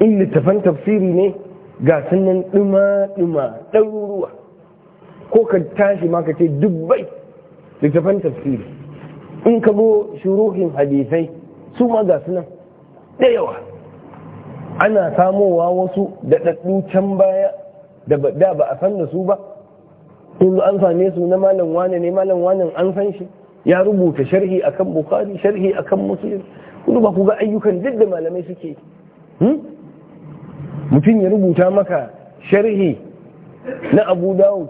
in littafan tafsiri ne ga sunan ɗuma-ɗuma ɗaruruwa ko ka tashi ma ka ce dubbai littafan tafsiri in ka bo shuruhin hadisai su ma ga sunan da yawa ana samowa wasu da ɗaɗɗu can baya da ba a san da su ba yanzu an same su na malam wane ne malam wane an san shi ya rubuta sharhi akan bukhari sharhi akan muslim kudu ba ku ga ayyukan duk malamai suke hmm? mutum ya rubuta maka sharhi na abu dawud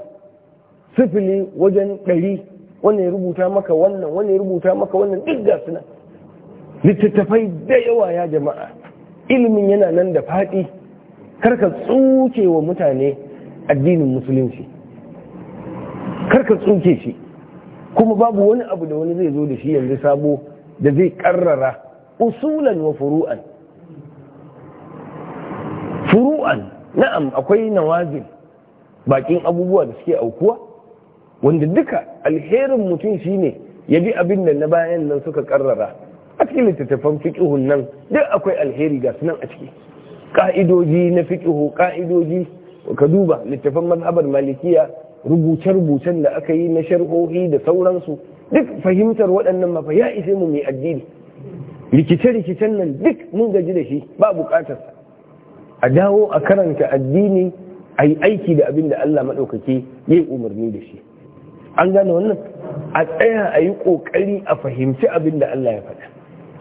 sifili wajen ɗari wannan ya rubuta maka wannan wannan ya rubuta maka wannan duk suna littattafai da yawa ya jama'a ilimin yana nan da faɗi karka tsuke wa mutane addinin musulunci karka tsuke shi kuma babu wani abu da wani zai zo da shi yanzu sabo da zai karrara usulan wa furu'an furu'an na'am akwai nawazil bakin abubuwa da suke aukuwa wanda duka alherin mutum shine ya bi abin da na bayan nan suka karrara a cikin littattafan fikihun nan duk akwai alheri ga sunan a ciki ka'idoji na fiƙihu ka'idoji ka duba littattafan mazhabar malikiya rubuce-rubucen da aka yi na sharhohi da sauransu duk fahimtar waɗannan mafa ya ishe mu mai addini rikice-rikicen nan duk mun gaji da shi ba buƙatarsa a dawo a karanta addini a yi aiki da abin da Allah maɗaukaki ya yi umarni da shi an gane wannan a tsaya a yi ƙoƙari a fahimci abin da Allah ya faɗa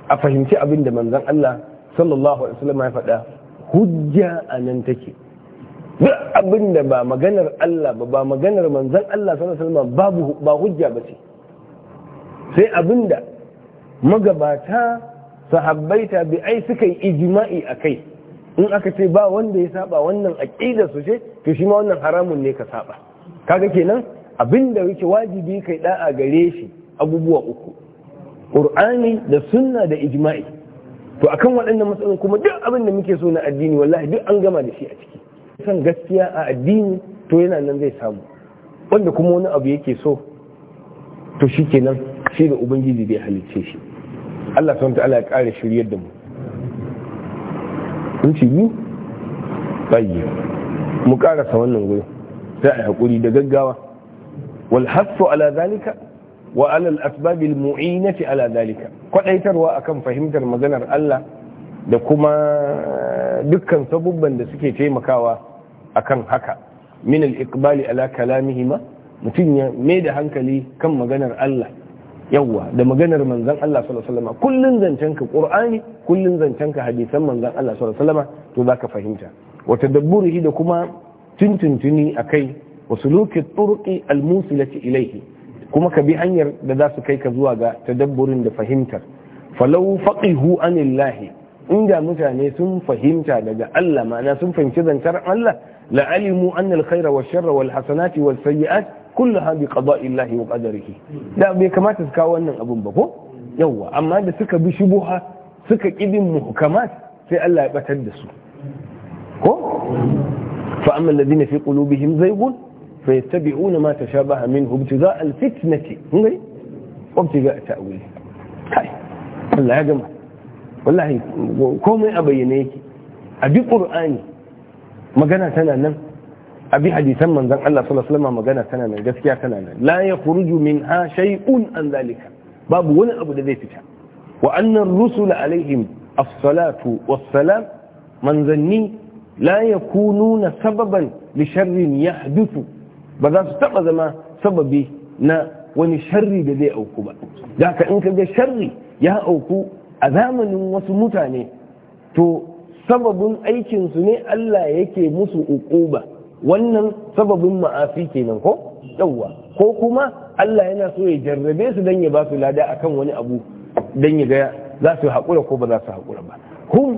a fahimci abin da manzon Allah sallallahu alaihi wasallam ya faɗa hujja a nan take duk abin da ba maganar Allah ba ba maganar manzon Allah sallallahu ba hujja ba ce sai abin da magabata sahabbai ai suka yi ijima'i a kai, in aka ce ba wanda ya saba wannan aƙida su ce to shi ma wannan haramun ne ka saba kaga kenan abinda wuce wajibi kai da'a gare shi abubuwa uku ƙur'ani da sunna da ijima'i. to akan waɗannan matsalolin kuma duk abin da muke so na addini wallahi duk an gama da shi a ciki son gaskiya a addini to yana nan zai samu wanda kuma wani abu yake so to shi kenan shi da ubangiji zai halicce shi Allah sun ta'ala ya ƙara shiryar da mu in ci yi bayi mu ƙarasa wannan gurin Za a haƙuri da gaggawa wal hasu ala zalika wa ala al-asbab al-mu'inati ala zalika kwadaitarwa akan fahimtar maganar Allah da kuma dukkan sabubban da suke taimakawa akan haka min al-iqbali ala ma mutum ya mai da hankali kan maganar Allah yawwa da maganar manzon Allah sallallahu alaihi wasallam kullun zancen ka Qur'ani kullun zancen ka hadisan manzon Allah sallallahu alaihi wasallam to zaka fahimta wa tadabburihi da kuma tuntuntuni akai wa suluki turuqi al-musilati ilayhi kuma ka bi hanyar da za su kai ka zuwa ga tadabburin da fahimtar falau faqihu anillahi inda mutane sun fahimta daga Allah ma'ana sun fahimci zantar Allah لعلموا أن الخير والشر والحسنات والسيئات كلها بقضاء الله وقدره لا كما تذكروا أن أبن بقو يوه أما هذا سكا بشبهة سكا إذن محكمات في ألا يبتدسوا فأما الذين في قلوبهم زيغ فيتبعون ما تشابه منه ابتغاء الفتنة وابتغاء تأويل هاي الله يا جماعة والله كومي أبينيك أبي قرآني magana tana nan abi hadisan manzon Allah sallallahu alaihi wasallam magana tana nan gaskiya tana nan la yakhruju minha shay'un an zalika babu wani abu da zai fita wa anna ar-rusula alaihim as-salatu was-salam manzanni la yakununa sababan li sharrin yahduthu ba za su taba zama sababi na wani sharri da zai auku ba da haka in ka ga sharri ya auku a zamanin wasu mutane to sababin aikinsu ne Allah yake musu uquba wannan sababin ma'afi kenan ko yawwa ko kuma Allah yana so ya jarrabe su dan ya ba su lada akan wani abu dan ya ga za su haƙura ko ba za su haƙura ba hum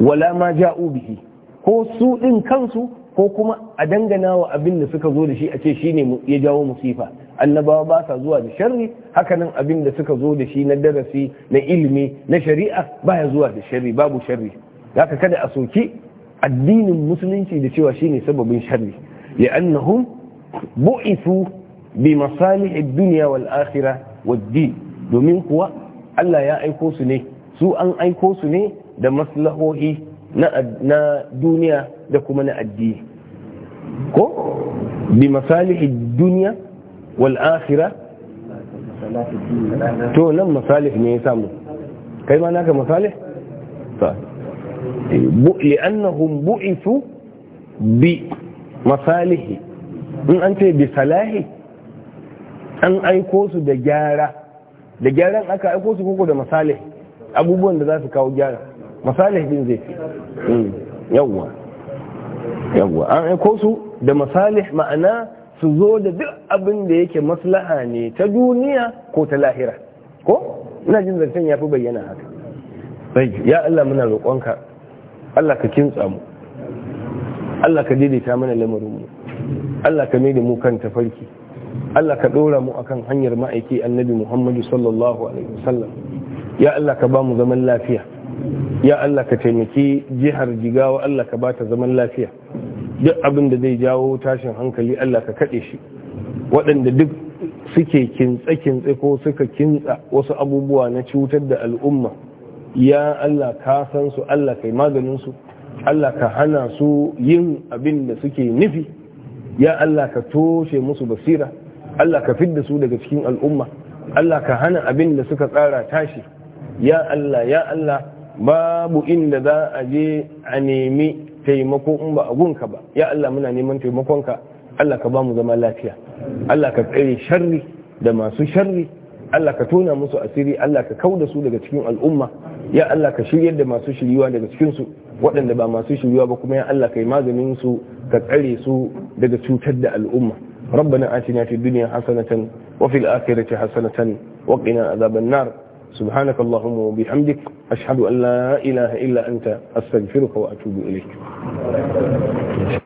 wala ma ja'u bihi ko su din kansu ko kuma a dangana wa abin da suka zo da shi a ce shine ya jawo musifa annabawa ba sa zuwa da sharri hakanan abin da suka zo da shi na darasi na ilimi na shari'a baya zuwa da sharri babu sharri ka kada a soki addinin musulunci da cewa shine sababin sharri li'annahum bu'ithu bi masalih ad-dunya wal akhirah wa din domin kuwa Allah ya aiko su ne su an aiko su ne da maslahohi na duniya da kuma na addini ko bi masalih ad-dunya wal akhirah to nan masalih ne ya samu kai ma naka masalih لأنهم bu'isu bi masalihi in an ce bi دجارة an aiko su da gyara da gyaran aka aiko su koko da masalih abubuwan da za su kawo gyara masalih zai fi hmm. yawwa an aiko su da masalih ma'ana su zo da duk abin yake maslaha ne ta duniya ko ta lahira ko ina jin zancen ya fi bayyana haka sosai ya Allah muna roƙonka Allah ka kintsa mu Allah ka daidaita mana lamarin mu Allah ka mai da mu kan tafarki Allah ka ɗaura mu akan hanyar ma'aiki annabi Muhammadu sallallahu alaihi wasallam ya Allah ka ba mu zaman lafiya ya Allah ka taimaki jihar jigawa Allah ka ba ta zaman lafiya duk abin da zai jawo tashin hankali Allah ka kade shi waɗanda duk suke kintsa kintsa ko suka kintsa wasu abubuwa na cutar da al'umma ya Allah ka san su Allah kai maganin su Allah ka hana su yin abin da suke nufi ya Allah ka toshe musu basira Allah ka fidda su daga cikin al'umma Allah ka hana abin da suka tsara tashi ya Allah ya Allah babu inda za a je a nemi taimako in ba a gunka ba ya Allah muna neman taimakonka Allah ka ba mu zama lafiya Allah ka tsare sharri da masu sharri Allah ka tona musu asiri Allah ka kauda su daga cikin al'umma ya Allah ka shiryar da masu shiryuwa daga cikin su waɗanda ba masu shiryuwa ba kuma ya Allah yi maganin su ka tsare su daga cutar da al'umma ربنا آتنا في الدنيا حسنة وفي الآخرة حسنة وقنا عذاب النار سبحانك اللهم وبحمدك أشهد أن لا إله إلا أنت أستغفرك وأتوب إليك